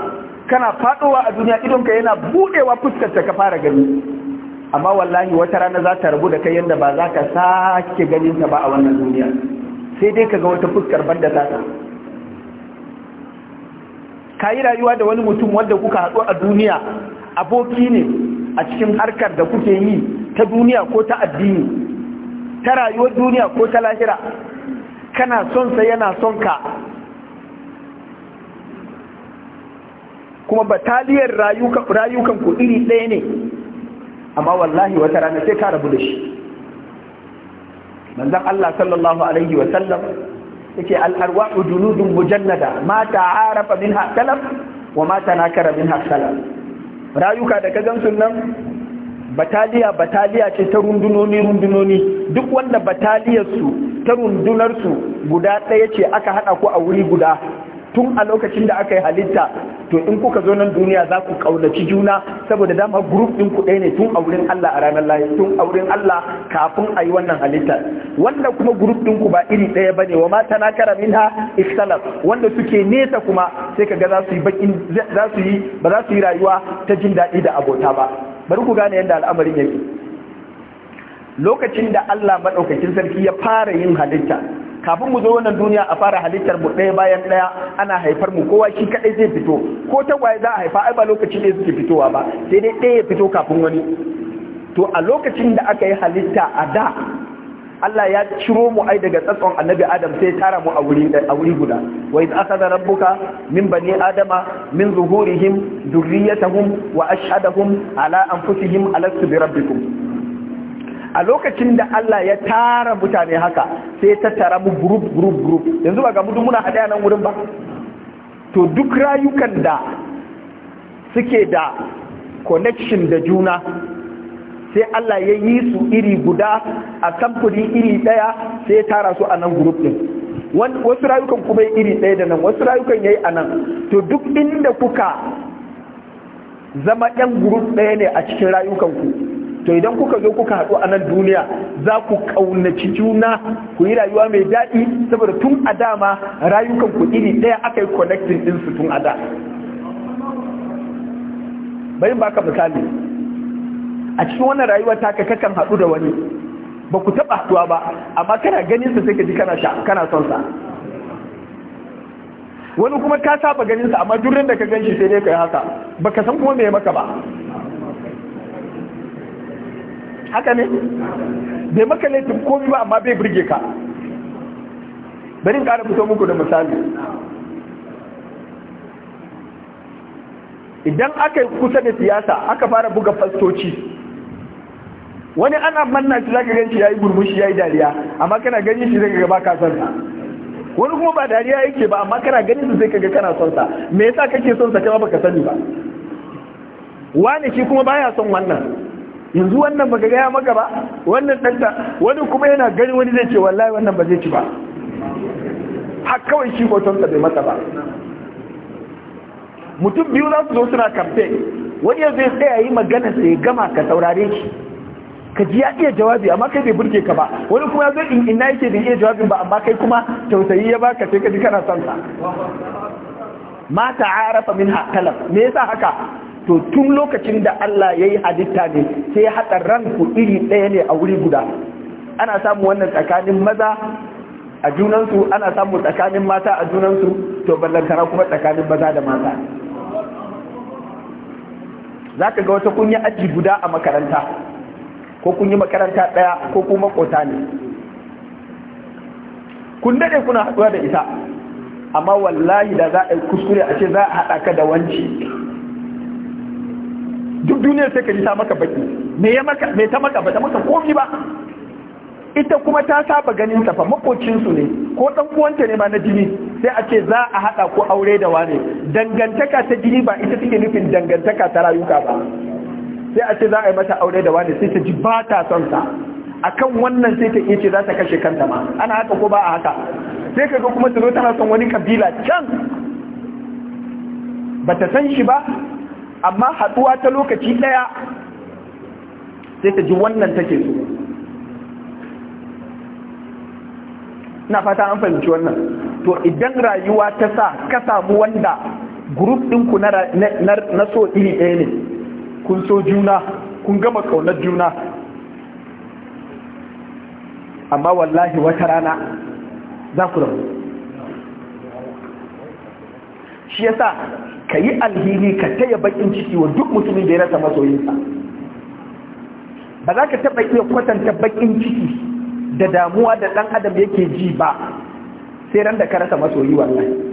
kana faɗowa a duniya idonka yana buɗewa fuskarta ka fara gani amma wallahi wata rana za ta rabu da kai yadda ba za ka sake ganinta ba a wannan duniya sai dai ka ga wata fuskar banda ta ta ka yi rayuwa da wani mutum wanda kuka haɗu a duniya aboki ne a cikin harkar da kuke yi ta duniya ko ta addini ta rayuwar duniya ko ta lahira kana son sa yana son ka kuma bataliyar rayukan ku iri ɗaya ne amma wallahi wata rana sai ka rabu da shi manzon Allah sallallahu alaihi wa sallam yake al-arwa'u junudun mujannada ma ta'arafa minha talaf wa ma tanakara minha salaf rayuka da ka gansu nan bataliya bataliya ce ta rundunoni rundunoni duk wanda bataliyarsu ta rundunarsu guda ɗaya ce aka haɗa ku a wuri guda tun a lokacin da aka yi halitta to in kuka zo nan duniya za ku kaunaci juna saboda dama group ɗin ku ɗaya ne tun a wurin Allah a ranar lahi tun a wurin Allah kafin a yi wannan halitta wanda kuma group ɗin ku ba iri ɗaya bane wa mata na kara minha ikhtalaf wanda suke nesa kuma sai kaga za za su yi ba za su yi rayuwa ta jin daɗi da abota ba bari ku gane yadda al'amarin yake lokacin da Allah maɗaukakin sarki ya fara yin halitta kafin mu zo wannan duniya a fara halittar mu ɗaya bayan ɗaya ana haifar mu kowa shi kaɗai zai fito ko tagwaye za a haifa ai ba lokaci ne suke fitowa ba sai dai ɗaya ya fito kafin wani to a lokacin da aka yi halitta a da Allah ya ciro mu ai daga tsatson annabi Adam sai tara mu a wuri guda wa iz akhadha rabbuka min bani adama min zuhurihim dhurriyyatahum wa ashhadahum ala anfusihim alastu bi rabbikum a lokacin da Allah ya tara mutane haka sai ta tara mu group group group yanzu ba ga mutum muna daya nan wurin ba to duk rayukan da suke da connection da juna sai Allah ya yi su iri guda a samfuri iri ɗaya sai ya tara su a nan group ɗin wasu rayukan kuma iri ɗaya da nan wasu rayukan ya yi a nan to duk inda kuka zama ɗan guruf ɗaya ne a cikin rayukanku to idan kuka zo kuka haɗu a nan duniya za ku ƙaunaci juna ku yi rayuwa mai daɗi saboda tun a dama rayukanku iri ɗaya aka yi connecting ɗinsu tun a da Bayin ba ka misali a cikin wannan rayuwar ka kakan haɗu da wani ba ku taɓa haɗuwa ba amma kana ganin sa sai ka ji kana sha kana son sa wani kuma ka saba ganin sa amma duk da ka gan shi sai dai kai haka baka san kuma me maka ba haka ne bai maka laifin komi ba amma bai burge ka bari in ƙara fito muku da misali idan aka yi kusa da siyasa aka fara buga fastoci wani ana manna shi zaka ganci yayi burmushi yayi dariya amma kana ganin shi zaka ga ba ka son sa wani kuma ba dariya yake ba amma kana ganin su sai kaga kana son sa me yasa kake son sa kai baka sani ba wani shi kuma baya son wannan yanzu wannan baka ga ya maka ba wannan danta wani kuma yana gani wani zai ce wallahi wannan ba zai ci ba har kawai shi hoton sa bai masa ba mutum biyu za su zo suna kamfe wani yanzu ya tsaya yi magana sai gama ka saurare shi ka ji ya iya jawabi amma kai bai burge ka ba wani kuma ya zo in ina yake da iya jawabin ba amma kai kuma tausayi ya baka sai ka ji kana son sa ma arafa min hakalam me yasa haka to tun lokacin da Allah yayi halitta ne sai hada ku iri daya ne a wuri guda ana samu wannan tsakanin maza a junansu ana samu tsakanin mata a junansu to ballantana kuma tsakanin maza da mata zaka ga wata kunya aji guda a makaranta ko kun yi makaranta ɗaya ko kuma makota ne kun daɗe kuna haɗuwa da ita amma wallahi da za a yi kuskure a ce za a haɗa ka da wanci duk duniyar sai ka ji ta maka baki mai ta maka bata maka komi ba ita kuma ta saba ganin ta fa makocinsu ne ko ɗan uwanta ne ma na jini sai a ce za a haɗa ko aure da wane dangantaka ta jini ba ita take nufin dangantaka ta rayuka ba sai a ce za a yi mata aure da wani sai ta ji ba ta son sa akan wannan sai ta iya ce za ta kashe kanta ma ana haka ko ba a haka sai ka ga kuma su zo tana son wani kabila can ba ta san shi ba amma haduwa ta lokaci ɗaya. sai ta ji wannan take so na fata an fahimci wannan to idan rayuwa ta sa ka samu wanda group ɗinku na so iri ɗaya ne kun so juna kun gama kaunar juna amma wallahi wata rana za ku rabu shi yasa ka yi alhini ka taya bakin ciki wa duk mutumin da ya rasa masoyinsa ba za ka taɓa iya kwatanta bakin ciki da damuwa da ɗan adam yake ji ba sai ran da ka rasa masoyi wallahi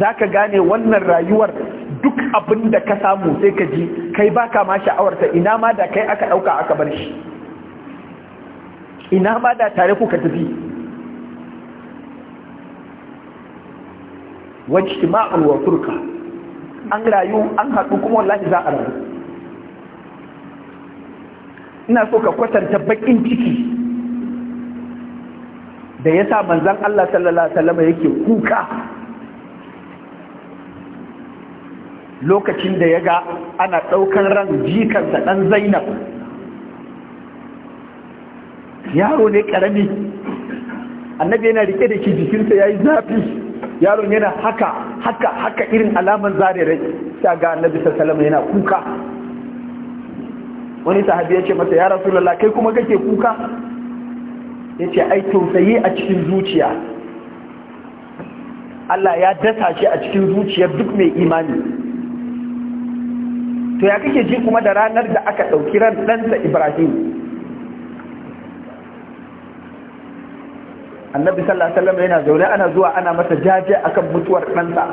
za ka gane wannan rayuwar duk abin da ka samu sai ka ji kai ba ka ma sha'awarta ina ma da kai aka ɗauka aka bar shi ina ma da tare kuka tafi wacce ma'ul wa turka an rayu an haɗu kuma wallahi za a rayu ina so ka kwatanta baƙin ciki da ya sa manzan Allah sallallahu Alaihi wasallama yake kuka lokacin da ya ga ana ɗaukan ran jikansa ɗan zainab yaro ne ƙarami annabi yana rike da ke jikinsa ya yi zafi yaro yana haka haka haka irin alaman zare rai sa ga annabi sassalama yana kuka wani sahabi ya ce masa ya rasu kai kuma kake kuka ya ce ai tausayi a cikin zuciya Allah ya dasa shi a cikin zuciyar duk mai imani to ya kake ji kuma da ranar da aka ɗauki ran ɗansa ibrahim annabi sallallahu alaihi yana zaune ana zuwa ana masa jaje akan mutuwar ɗansa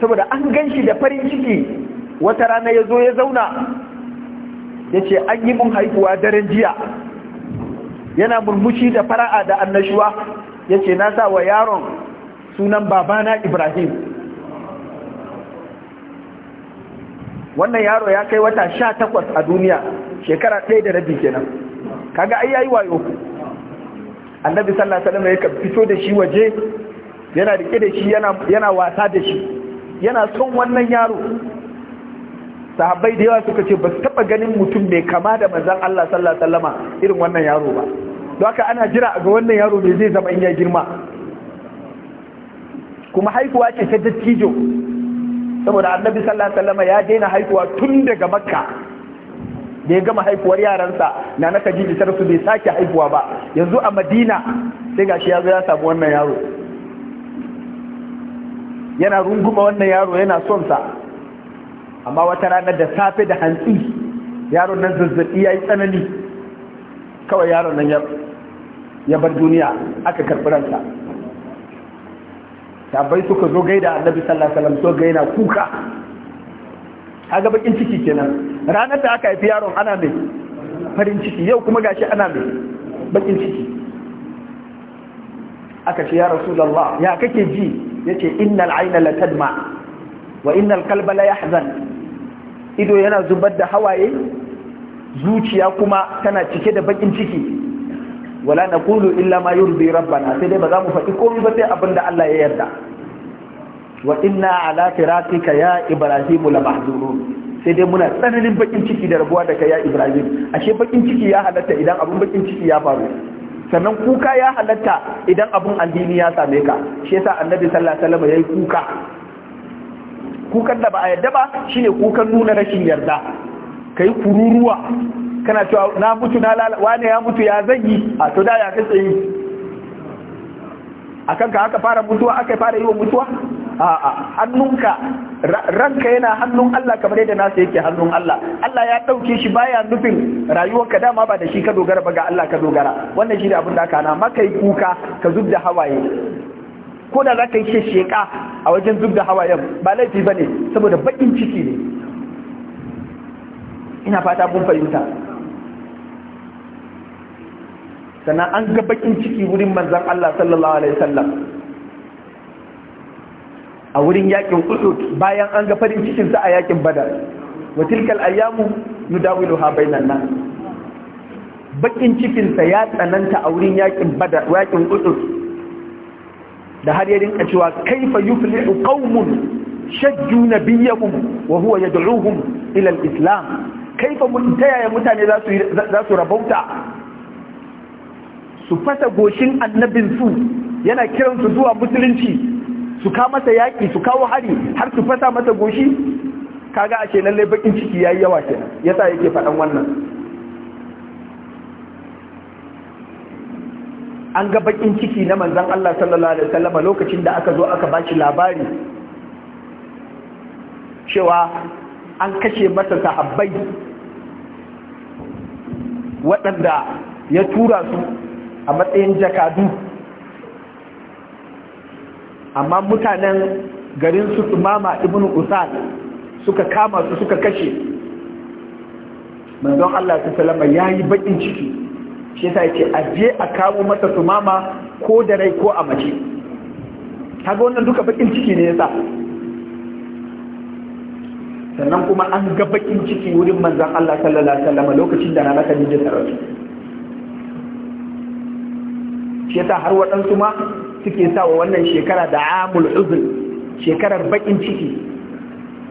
saboda an gan shi da farin ciki wata rana ya zo ya zauna Yace ce an yi mun haihuwa daren jiya yana murmushi da fara'a da annashuwa Yace na sa wa yaron sunan babana ibrahim wannan yaro ya kai wata sha takwas a duniya shekara ɗaya da rabi kenan kaga ai yayi wayo annabi sallallahu alaihi wasallam ya fito da shi waje yana rike da shi yana wasa da shi yana son wannan yaro sahabbai da yawa suka ce ba su taba ganin mutum mai kama da manzon Allah sallallahu alaihi wasallama irin wannan yaro ba don haka ana jira ga wannan yaro da zai zama in ya girma kuma haihuwa ce ta dattijo saboda annabi sallallahu alaihi wasallam ya daina haihuwa tun daga makka da ya gama haihuwar yaransa na naka jijitar su bai sake haihuwa ba yanzu a madina sai gashi ya zo ya samu wannan yaro yana runguma wannan yaro yana son sa amma wata ranar da safe da hantsi yaron nan zazzabi ya yi tsanani kawai yaron nan ya bar duniya aka karɓi ransa tabbai suka zo gaida annabi sallallahu alaihi wasallam so gaina kuka kaga bakin ciki kenan ranar da aka haifi yaron ana mai farin ciki yau kuma gashi ana mai bakin ciki aka ce ya rasulullah ya kake ji yace innal ayna la tadma wa innal qalba la yahzan ido yana zubar da hawaye zuciya kuma tana cike da bakin ciki wala na kulu illa ma yurdi rabbana sai dai ba za mu faɗi komai ba sai abinda Allah ya yarda wa inna ala firaqika ya ibrahimu la sai dai muna tsananin bakin ciki da rabuwa daga ya ibrahim ashe bakin ciki ya halatta idan abin bakin ciki ya faru sannan kuka ya halatta idan abin addini ya same ka shi yasa annabi sallallahu alaihi wasallam yayi kuka kukan da ba a yarda ba shine kukan nuna rashin yarda kai kururuwa kana cewa na mutu na lala wane ya mutu ya zan yi a to da ya tsaye a akan ka aka fara mutuwa aka fara yi wa mutuwa a'a hannunka ranka yana hannun Allah kamar yadda nasa yake hannun Allah Allah ya ɗauke shi baya nufin rayuwarka dama ba da shi ka dogara ba ga Allah ka dogara wannan shi ne abin da aka na maka yi kuka ka zub da hawaye ko da za ka yi sheka a wajen zub da hawayen ba laifi ba ne saboda baƙin ciki ne ina fata mun fahimta sannan an ga bakin ciki wurin manzan Allah sallallahu alaihi wasallam a wurin yakin Uhud bayan an ga farin cikinsa a yakin Badar wa ayyamu ha bainan nan bakin cikin ya tsananta a wurin yakin Badar yakin da har ya rinka cewa kaifa yuflihu qaumun shajju nabiyyahum wa huwa yad'uhum ila ilal islam kaifa ta yaya mutane za su rabauta su fasa goshin annabin su yana kiransu zuwa musulunci su ka masa yaƙi su kawo hari har su fasa masa goshi kaga ashe lallai bakin ciki yayi yawa ke yasa yake faɗan wannan an ga bakin ciki na manzan Allah sallallahu alaihi wasallam lokacin da aka zo aka bashi labari cewa an kashe masa sahabbai waɗanda ya tura su a matsayin jakadu amma mutanen garin su tumama ibn usad suka kama su suka kashe manzon Allah ta salama ya yi bakin ciki shi ta ce a je a kawo masa tumama ko da rai ko a mace ga wannan duka bakin ciki ne yasa sannan kuma an ga bakin ciki wurin manzon Allah sallallahu alaihi wasallam lokacin da na ta jinjin sarauta shi yasa har waɗansu ma suke sa wa wannan shekara da amul uzur shekarar bakin ciki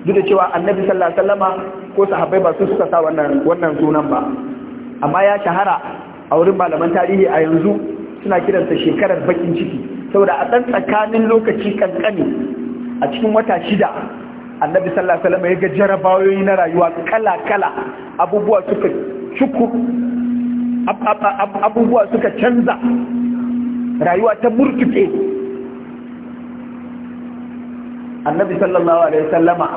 duk da cewa annabi sallallahu alaihi wasallama ko sahabbai ba su suka sa wannan wannan sunan ba amma ya shahara a wurin malaman tarihi a yanzu suna kiransa shekarar bakin ciki saboda a dan tsakanin lokaci kankani a cikin wata shida annabi sallallahu alaihi wasallama ya ga jarabawoyi na rayuwa kala kala abubuwa suka cuku abubuwa suka canza rayuwa ta burkice annabi sallallahu alaihi sallama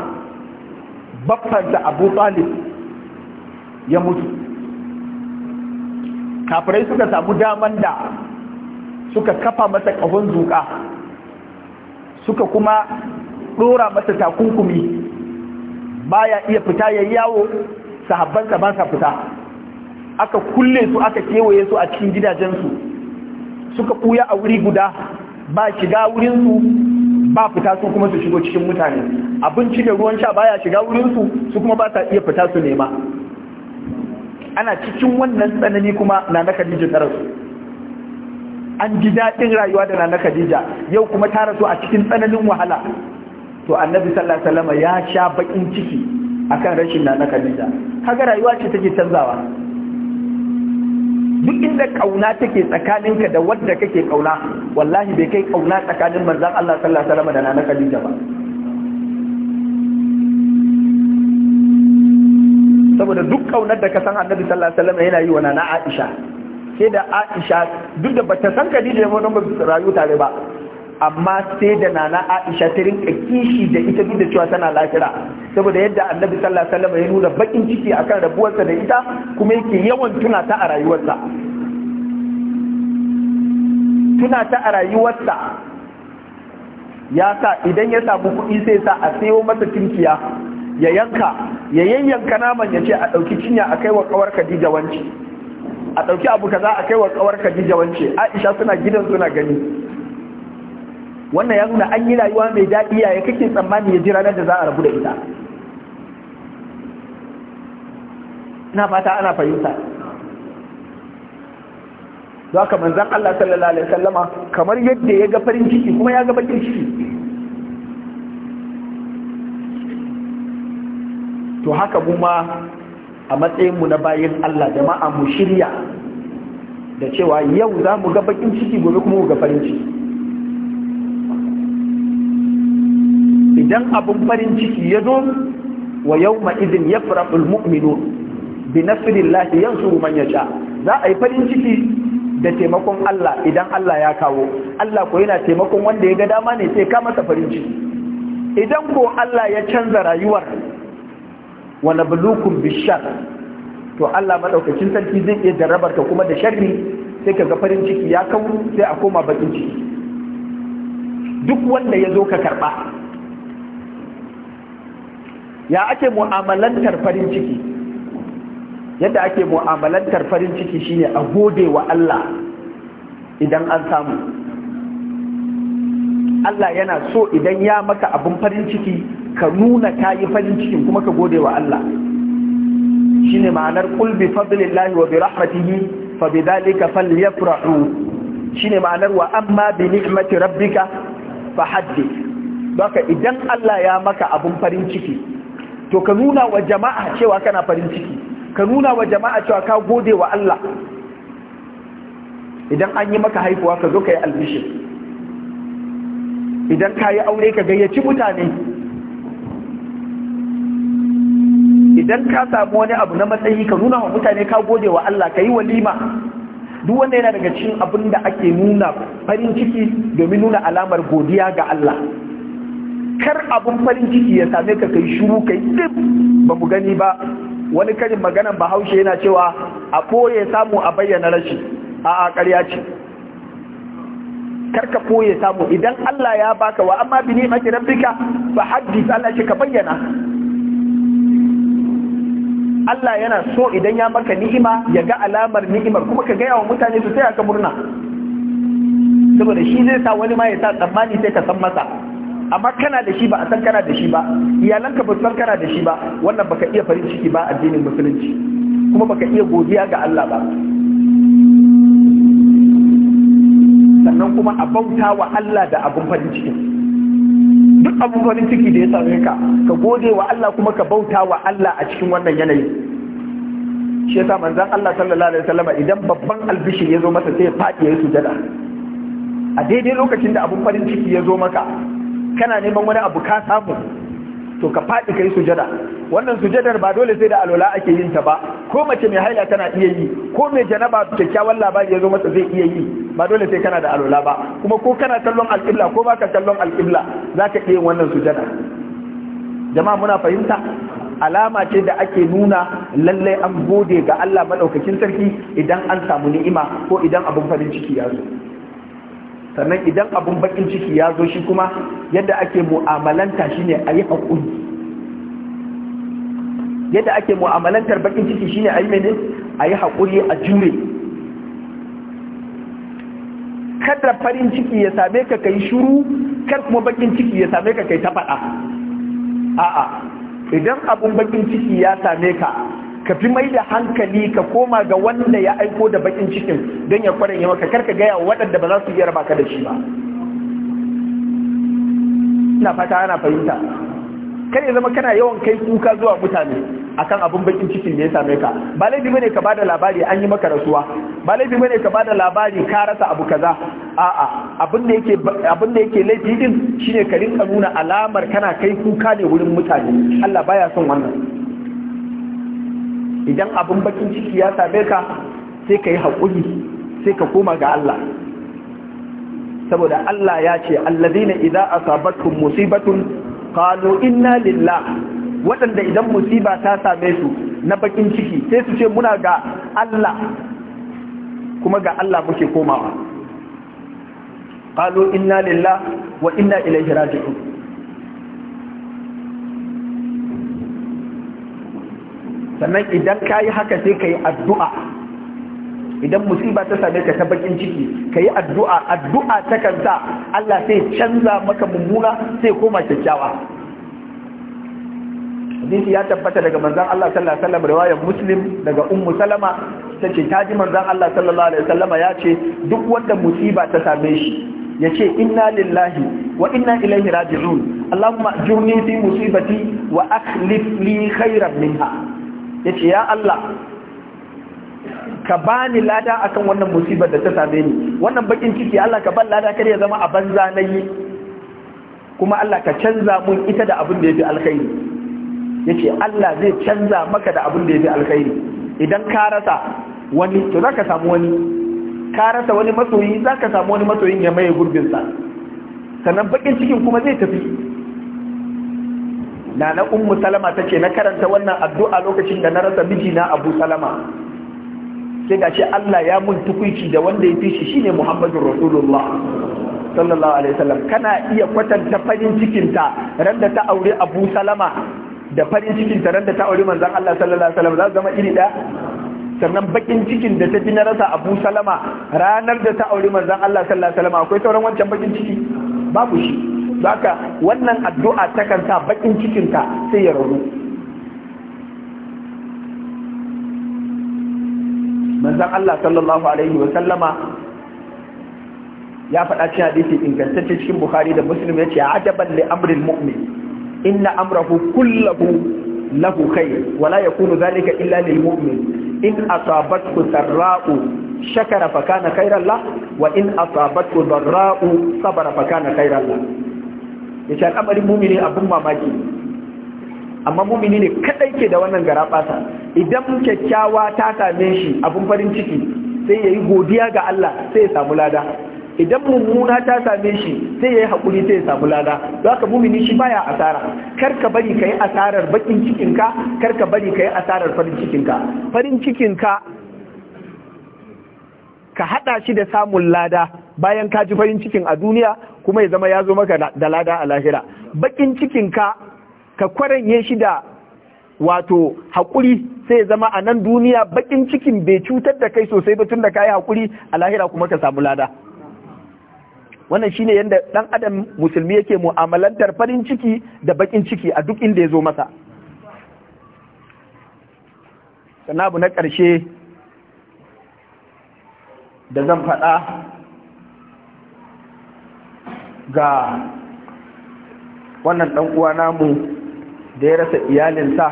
baffansa abu talib ya mutu kafirai suka samu daman da suka kafa masa ƙahon zuka suka kuma ɗora masa takunkumi baya iya fita ya yawo sahabbansa ba sa fita aka kulle su aka kewaye su a cikin gidajensu suka kuya a wuri guda ba shiga wurinsu ba fita su kuma su shigo cikin mutane abinci da ruwan sha baya shiga wurinsu su kuma ba ta iya fita su nema ana cikin wannan tsanani kuma na na Khadija ta rasu an ji daɗin rayuwa da na na Khadija yau kuma ta rasu a cikin tsananin wahala to annabi sallallahu alaihi ya sha bakin ciki akan rashin na na Khadija kaga rayuwa ce take canzawa duk inda kauna take tsakaninka da wadda kake kauna wallahi bai kai kauna tsakanin manzon Allah sallallahu alaihi wasallam da nana Khadija ba saboda duk kaunar da ka san Annabi sallallahu alaihi wasallam yana yi wa nana Aisha sai da Aisha duk da bata san Khadija ba don ba rayu tare ba amma sai da nana Aisha ta rinka kishi da ita duk da cewa tana lafira saboda yadda Annabi sallallahu alaihi wasallam ya nuna bakin ciki akan rabuwarsa da ita kuma yake yawan tuna ta a rayuwarsa tuna ta a rayuwarsa ya sa idan ya samu kuɗi sai sa a sayo masa tinkiya ya yanka ya yayyanka naman ya ce a ɗauki cinya a kai wa kawar Khadija wanci a ɗauki abu kaza a kai wa kawar Khadija wanci Aisha suna gidan suna gani wannan ya nuna an yi rayuwa mai daɗi ya kake tsammani ya ji ranar da za a rabu da ita na fata ana fahimta za ka manzan Allah sallallahu alaihi wasallama kamar yadda ya ga farin ciki kuma ya ga bakin ciki to haka kuma a matsayinmu na bayan Allah jama'a mu shirya da cewa yau za mu ga bakin ciki gobe kuma mu ga farin ciki idan abin farin ciki ya zo wa yawma idin yafrahul ulmuminu bi yanzu yansuru ya sha za a yi farin ciki da taimakon Allah idan Allah ya kawo Allah ko yana taimakon wanda ya ga dama ne sai ka masa farin ciki idan ko Allah ya canza rayuwar wa bulukun bishar to Allah maɗaukacin sarki zai iya jarrabar ka kuma da sharri sai ka ga farin ciki ya kawo sai a koma bakin ciki duk wanda ya zo ka karɓa. ya ake mu'amalantar farin ciki yadda ake mu'amalantar farin ciki shine a gode wa Allah idan an samu Allah yana so idan ya maka abin farin ciki ka nuna ka yi farin cikin kuma ka gode wa Allah shine ma'anar qul bi fadlillahi wa bi rahmatihi fa bidhalika falyafrahu shine ma'anar wa amma bi ni'mati rabbika fa haddi. baka idan Allah ya maka abin farin ciki to ka nuna wa jama'a cewa kana farin ciki ka nuna wa jama'a cewa ka gode wa Allah idan an yi maka haifuwa ka zo ka yi albishir idan ka yi aure ka gayyaci mutane idan ka samu wani abu na matsayi ka nuna wa mutane ka gode wa Allah ka yi walima duk wanda yana daga cikin abin da ake nuna farin ciki domin nuna alamar godiya ga Allah kar abun farin ciki ya same ka kai shuru kai dip ba mu gani ba wani karin maganan bahaushe yana cewa a koye samu a bayyana rashi a a ƙarya ce Kar ka koye samu idan Allah ya baka wa amma bi ni'mati rabbika fa haddith Allah shi ka bayyana Allah yana so idan ya maka ni'ima ya ga alamar ni'imar kuma ka gaya wa mutane su sai aka murna saboda shi zai sa wani ma ya sa tsammani sai ka san masa amma kana da shi ba a san kana da shi ba iyalanka ba san kana da shi ba wannan baka iya farin ciki ba addinin musulunci kuma baka iya godiya ga Allah ba sannan kuma a bauta wa Allah da abun farin ciki duk abun farin ciki da ya same ka ka gode wa Allah kuma ka bauta wa Allah a cikin wannan yanayi shi yasa manzon Allah sallallahu alaihi wasallam idan babban albishi ya zo masa sai ya faɗi ya sujada a daidai lokacin da abun farin ciki ya zo maka kana neman wani abu ka samu to ka faɗi ka yi sujada wannan sujadar ba dole sai da alola ake yin ta ba ko mace mai haila tana iya yi ko mai janaba kyakkyawan labari ya zo masa zai iya yi ba dole sai kana da alola ba kuma ko kana kallon alƙibla ko baka ka kallon alƙibla za ka iya yin wannan sujada jama'a muna fahimta alama ce da ake nuna lallai an gode ga Allah maɗaukakin sarki idan an samu ni'ima ko idan abin farin ciki ya zo sannan idan abin bakin ciki ya zo shi kuma yadda ake mu'amalanta ne a yi haƙuri yadda ake mu'amalantar bakin ciki ne a yi mene a yi haƙuri a jure kada farin ciki ya same ka kai shuru kar kuma bakin ciki ya same ka kai ta faɗa a'a idan abin bakin ciki ya same ka ka fi mai da hankali ka koma ga wanda ya aiko da bakin cikin don ya yi maka karka gaya waɗanda ba za su iya raba ka da shi ba ina fata ana fahimta kar ya zama kana yawan kai kuka zuwa mutane akan abin bakin cikin da ya same ka ba laifi bane ka bada labari an yi maka rasuwa ba laifi bane ka bada labari ka rasa abu kaza a'a abin da yake abin da yake laifi din shine ka rinka nuna alamar kana kai kuka ne wurin mutane Allah baya son wannan idan abin bakin ciki ya same ka sai ka yi haƙuri sai ka koma ga Allah saboda Allah ya ce allazina idza asabatkum musibatun qalu inna lillah waɗanda idan musiba ta same su na bakin ciki sai su ce muna ga Allah kuma ga Allah muke komawa qalu inna lillah wa inna ilaihi raji'un sannan idan ka yi haka sai ka yi addu'a idan musiba ta same ka ta bakin ciki ka yi addu'a addu'a ta kanta Allah sai canza maka mummuna sai koma kyakkyawa hadisi ya tabbata daga manzan Allah sallallahu alaihi wasallam riwayar Muslim daga Ummu Salama ce ta ji manzan Allah sallallahu ya ce duk wanda musiba ta same shi ya inna lillahi wa inna ilaihi raji'un Allahumma jurni fi musibati wa akhlif li khairan minha Ya ce ya Allah ka bani lada akan wannan musibar da ta same ni wannan bakin ciki Allah ka ban lada kar ya zama a banza na yi kuma Allah ka canza mun ita da abin da ya fi alkhairi Ya ce Allah zai canza maka da abin da ya fi alkhairi idan ka rasa wani to za ka samu wani ka rasa wani masoyi ka samu wani masoyin ya maye gurbin sa sannan bakin cikin kuma zai tafi na na ummu salama ta ce na karanta wannan addu'a lokacin da na rasa mijina abu salama sai ga shi Allah ya mun tukuici da wanda ya fi shi shine Muhammadu Rasulullah sallallahu alaihi wasallam kana iya kwatanta farin cikin ta ran da ta aure Abu Salama da farin cikin ta ran da ta aure manzon Allah sallallahu alaihi wasallam za zama iri ɗaya? sannan bakin cikin da ta fi na rasa Abu Salama ranar da ta aure manzon Allah sallallahu alaihi wasallam akwai sauran wancan bakin ciki babu shi zaka wannan addu'a takan sa bakin cikinta sai ya ragu manzon Allah sallallahu alaihi wa sallama ya faɗa cikin hadisi ingantacce cikin Bukhari da Muslim yace ajaban li amril mu'min inna amrahu kullahu lahu kai wala ya kunu dhalika illa lil mu'min in asabathu sarra'u shakara fa kana la wa in asabathu barra'u sabara fa kana la ya ce al'amarin mumini abin mamaki amma mumini ne kadai ke da wannan gara idan kyakkyawa ta same shi abin farin ciki sai ya yi godiya ga Allah sai ya samu lada idan mummuna ta same shi sai ya yi haƙuri sai ya samu lada za ka mumini shi baya asara kar ka bari ka yi asarar bakin cikinka kar ka bari ka yi asarar farin cikinka farin cikinka ka haɗa shi da samun lada bayan ka ji farin cikin a duniya kuma ya zama ya zo maka da lada a lahira bakin cikinka ka kwaranye shi da wato haƙuri sai ya zama a nan duniya bakin cikin bai cutar da kai sosai ba tun da ka yi haƙuri a lahira kuma ka samu lada wannan shi ne yadda ɗan adam musulmi yake mu'amalantar farin ciki da bakin ciki a duk inda ya zo masa sannan na ƙarshe da zan faɗa ga wannan ɗan uwa namu da ya rasa iyalinsa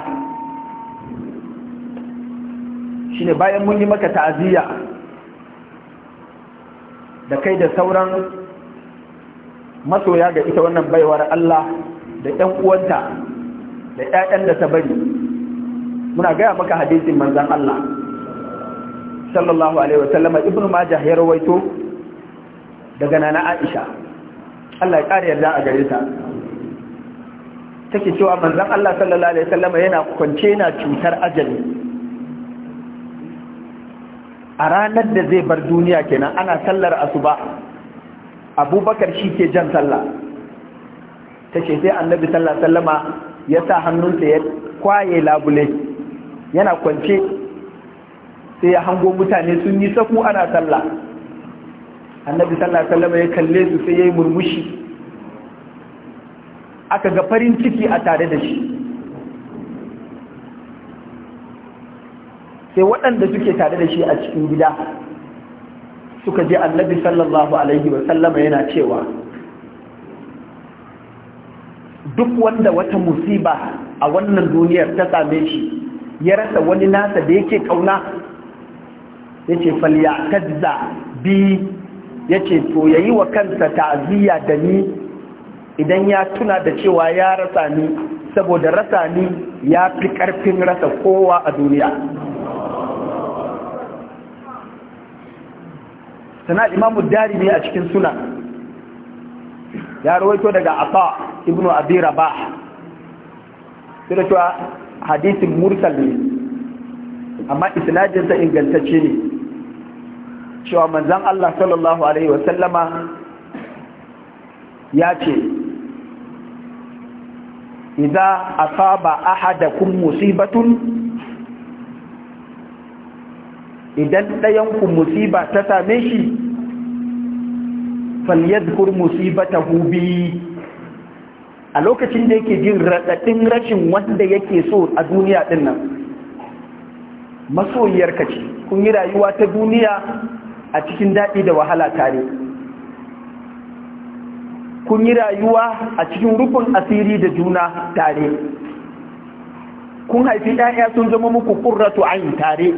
shi ne bayan mun yi maka ta'aziyya da kai da sauran masoya ga ita wannan baiwar Allah da ƴan uwanta da yayan da ta bari muna gaya maka hadisin manzan Allah sallallahu alaihi wa sallama ibnu majah ya rawaito daga nana Aisha Allah ya ƙara yarda a gare ta take cewa manzon Allah sallallahu alaihi wasallam yana kwance yana cutar ajali a ranar da zai bar duniya kenan ana sallar asuba abubakar shi ke jan sallah ta sai annabi sallah sallama ya sa hannunsa ya kwaye labule yana kwance sai ya hango mutane sun yi saku ana sallah annabi sallallahu alaihi wasallam ya kalle su sai yayi murmushi aka ga farin ciki a tare da shi sai waɗanda suke tare da shi a cikin gida suka je annabi sallallahu alaihi wasallam yana cewa duk wanda wata musiba a wannan duniyar ta same shi ya rasa wani nasa da yake kauna ya ce falyatazza bi ya ce to ya yi wa kansa ta'aziyya da ni idan ya tuna da cewa ya rasa ni saboda rasa ni ya fi ƙarfin rasa kowa a duniya sana imamu dari ne a cikin suna ya rawaito daga afa ibnu Abira ba, sai da cewa hadisin mursal ne amma isnadinsa ingantacce ne cewa manzan Allah sallallahu Alaihi wasallama ya ce idza asaba ahadakum musibatun idan ɗayan musiba ta same shi musiba ta hubi a lokacin da yake jin raɗaɗin rashin wanda yake so a duniya ɗin nan masoyiyar ce kun yi rayuwa ta duniya a cikin daɗi da wahala tare kun yi rayuwa a cikin rufin asiri da juna tare kun haifi ɗaya sun zama muku ƙurratu ayin tare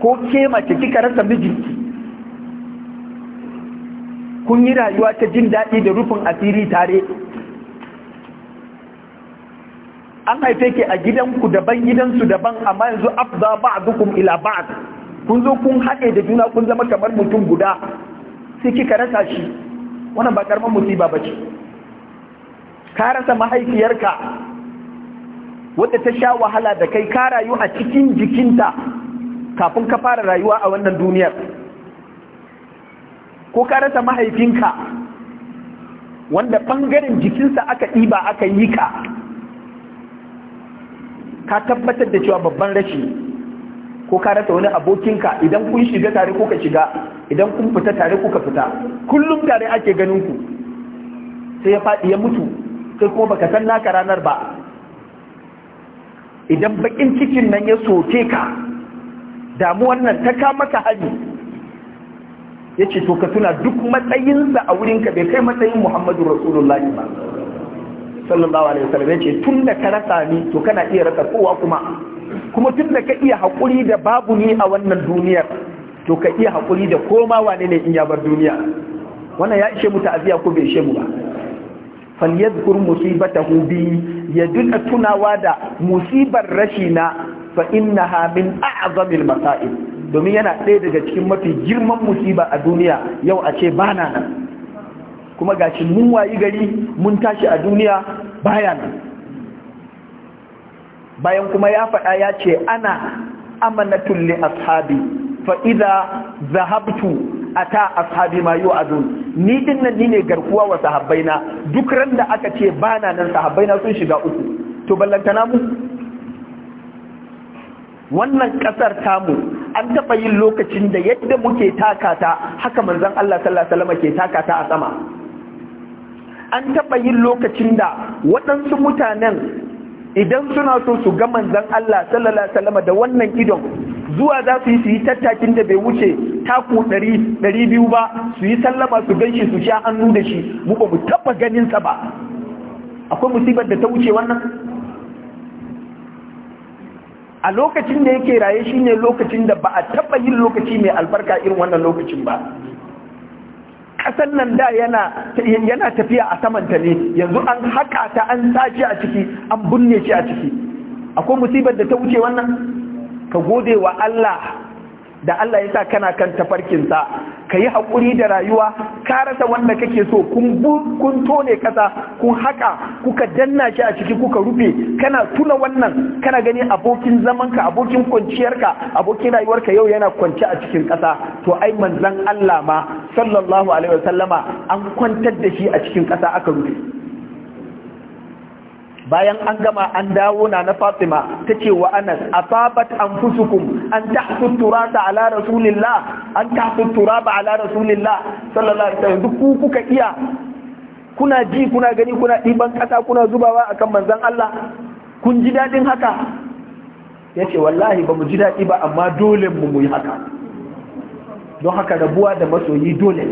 ko ke mace kika rasa mijinki kun yi rayuwa ta jin daɗi da rufin asiri tare an haife ke a gidanku daban gidansu daban amma yanzu afza ba'dukum ila ba'd kun zo kun haɗe da juna kun zama kamar mutum guda sai kika rasa shi wannan ba karamar musiba ba ce ka rasa mahaifiyarka wadda ta sha wahala da kai ka rayu a cikin jikinta kafin ka fara rayuwa a wannan duniyar ko ka rasa mahaifinka wanda ɓangaren jikinsa aka ɗiba aka yi ka ka tabbatar da cewa babban rashi ko ka rasa wani abokinka idan kun shiga tare ko ka shiga idan kun fita tare ko ka fita kullum tare ake ganin ku sai ya faɗi ya mutu sai kuma baka san naka ranar ba idan bakin cikin nan ya soke ka damuwar nan ta ka maka hali ya ce to ka tuna duk matsayinsa a wurinka bai kai matsayin muhammadu rasulullahi ba sallallahu alaihi wasallam yace tun ka rasa ni to kana iya rasa kowa kuma kuma tun ka iya hakuri da babu ni a wannan duniyar to ka iya hakuri da koma wane ne in ya bar duniya wannan ya ishe mu ta'aziya ko bai ishe mu ba falyadhkur musibatahu bi ya dinga tunawa da musibar rashi na fa innaha min a'zamil domin yana ɗaya daga cikin mafi girman musiba a duniya yau a ce bana nan kuma shi mun wayi gari mun tashi a duniya bayan bayan kuma ya faɗa ya ce ana amanatun li ashabi fa idza zahabtu ata ashabi ma yu'adun ni din nan ni ne garkuwa wa sahabbaina duk ran da aka ce bana nan sahabbaina sun shiga uku to ballantana mu wannan kasar tamu an taɓa yin lokacin da yadda muke takata haka manzon Allah sallallahu alaihi wasallam ke takata a sama an taɓa yin lokacin da waɗansu mutanen idan suna so su ga manzan Allah sallallahu alaihi wasallam da wannan idon zuwa za su yi su yi tattakin da bai wuce taku ɗari biyu ba su yi sallama su ganshi su sha hannu da shi mu ba mu taɓa ganin ba akwai musibar da ta wuce wannan a lokacin da yake raye shine lokacin da ba a taɓa yin lokaci mai albarka irin wannan lokacin ba ƙasar nan da yana tafiya a samanta ne yanzu an haƙa ta an sace a ciki an binne shi a ciki akwai musibar da ta wuce wannan ka gode wa Allah da Allah ya sa kana kan tafarkinsa ka yi haƙuri da rayuwa ka rasa wanda kake so kun tone ƙasa kun haƙa kuka danna shi a ciki kuka rufe kana tuna wannan kana gani abokin zamanka abokin kwanciyarka abokin rayuwarka yau yana kwanci a cikin ƙasa to ai manzon Allah ma sallallahu alaihi wasallama an kwantar da shi a cikin ƙasa aka rufe bayan an gama an dawo na na Fatima tace wa Anas asabat anfusukum an tahsu ta ala rasulillah an tahsu ba ala rasulillah sallallahu alaihi wasallam duk kuka iya kuna ji kuna gani kuna ɗiban ƙasa kuna zubawa akan manzon Allah kun ji daɗin haka yace wallahi ba mu ji daɗi ba amma dole mu mu yi haka don haka rabuwa da masoyi dole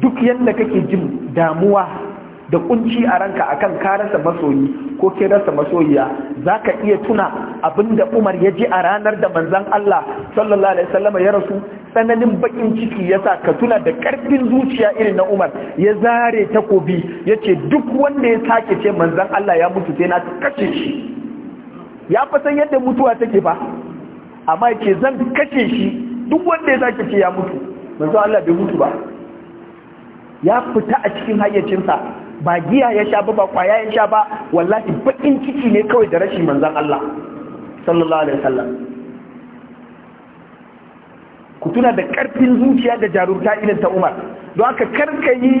duk yadda kake jin damuwa da kunci a ranka akan ka rasa masoyi ko ke rasa masoyiya za ka iya tuna abinda umar ya ji a ranar da manzan Allah sallallahu alaihi wasallam ya rasu tsananin bakin ciki ya sa ka tuna da karfin zuciya irin na umar ya zare takobi ya ce duk wanda ya sake ce manzan Allah ya mutu sai na kashe shi ya fasan yadda mutuwa take ba amma ce zan kashe shi duk wanda ya sake ce ya mutu manzan Allah bai mutu ba ya fita a cikin hayyacinsa ba giya ya sha ba ba kwaya ya sha ba wallahi bakin ciki ne kawai da rashin manzan Allah sallallahu alaihi wasallam ku tuna da karfin zuciya da jarurta irin ta Umar don haka karka yi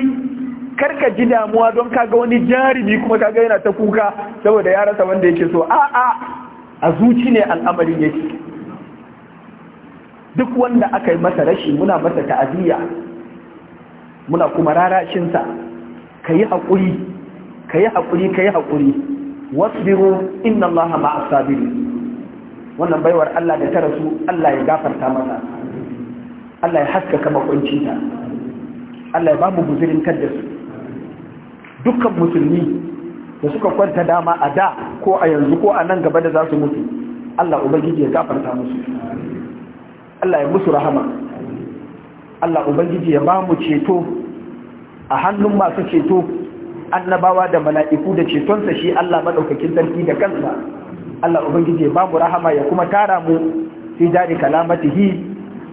karka ji damuwa don kaga wani jarumi kuma kaga yana ta kuka saboda ya rasa wanda yake so a a a zuci ne al'amarin yake duk wanda aka yi masa rashi muna masa ta'aziyya muna kuma rarashinsa ka yi haƙuri ka yi haƙuri ka yi haƙuri wasbiru inna allaha ma'as sabiri wannan baiwar Allah da ta rasu Allah ya gafarta mata Allah ya haskaka makwancinta Allah ya ba mu guzurin kar da su dukkan musulmi da suka kwanta dama a da ko a yanzu ko a nan gaba da za su mutu Allah ubangiji ya gafarta musu Allah ya musu rahama Allah ubangiji ya ba mu ceto a hannun masu ceto annabawa da mala'iku da cetonsa shi Allah maɗaukakin sarki da kansa Allah ubangiji ya bamu rahama ya kuma tara mu fi dari kalamatihi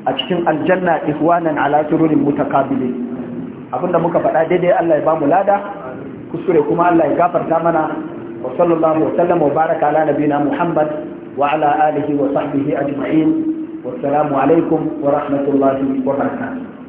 a cikin aljanna ihwanan ala sururin mutakabilin abinda muka faɗa daidai Allah ya bamu lada kuskure kuma Allah ya gafarta mana wa sallallahu wa sallam wa baraka ala nabina Muhammad wa ala alihi wa sahbihi ajma'in wassalamu alaikum wa rahmatullahi wa barakatuh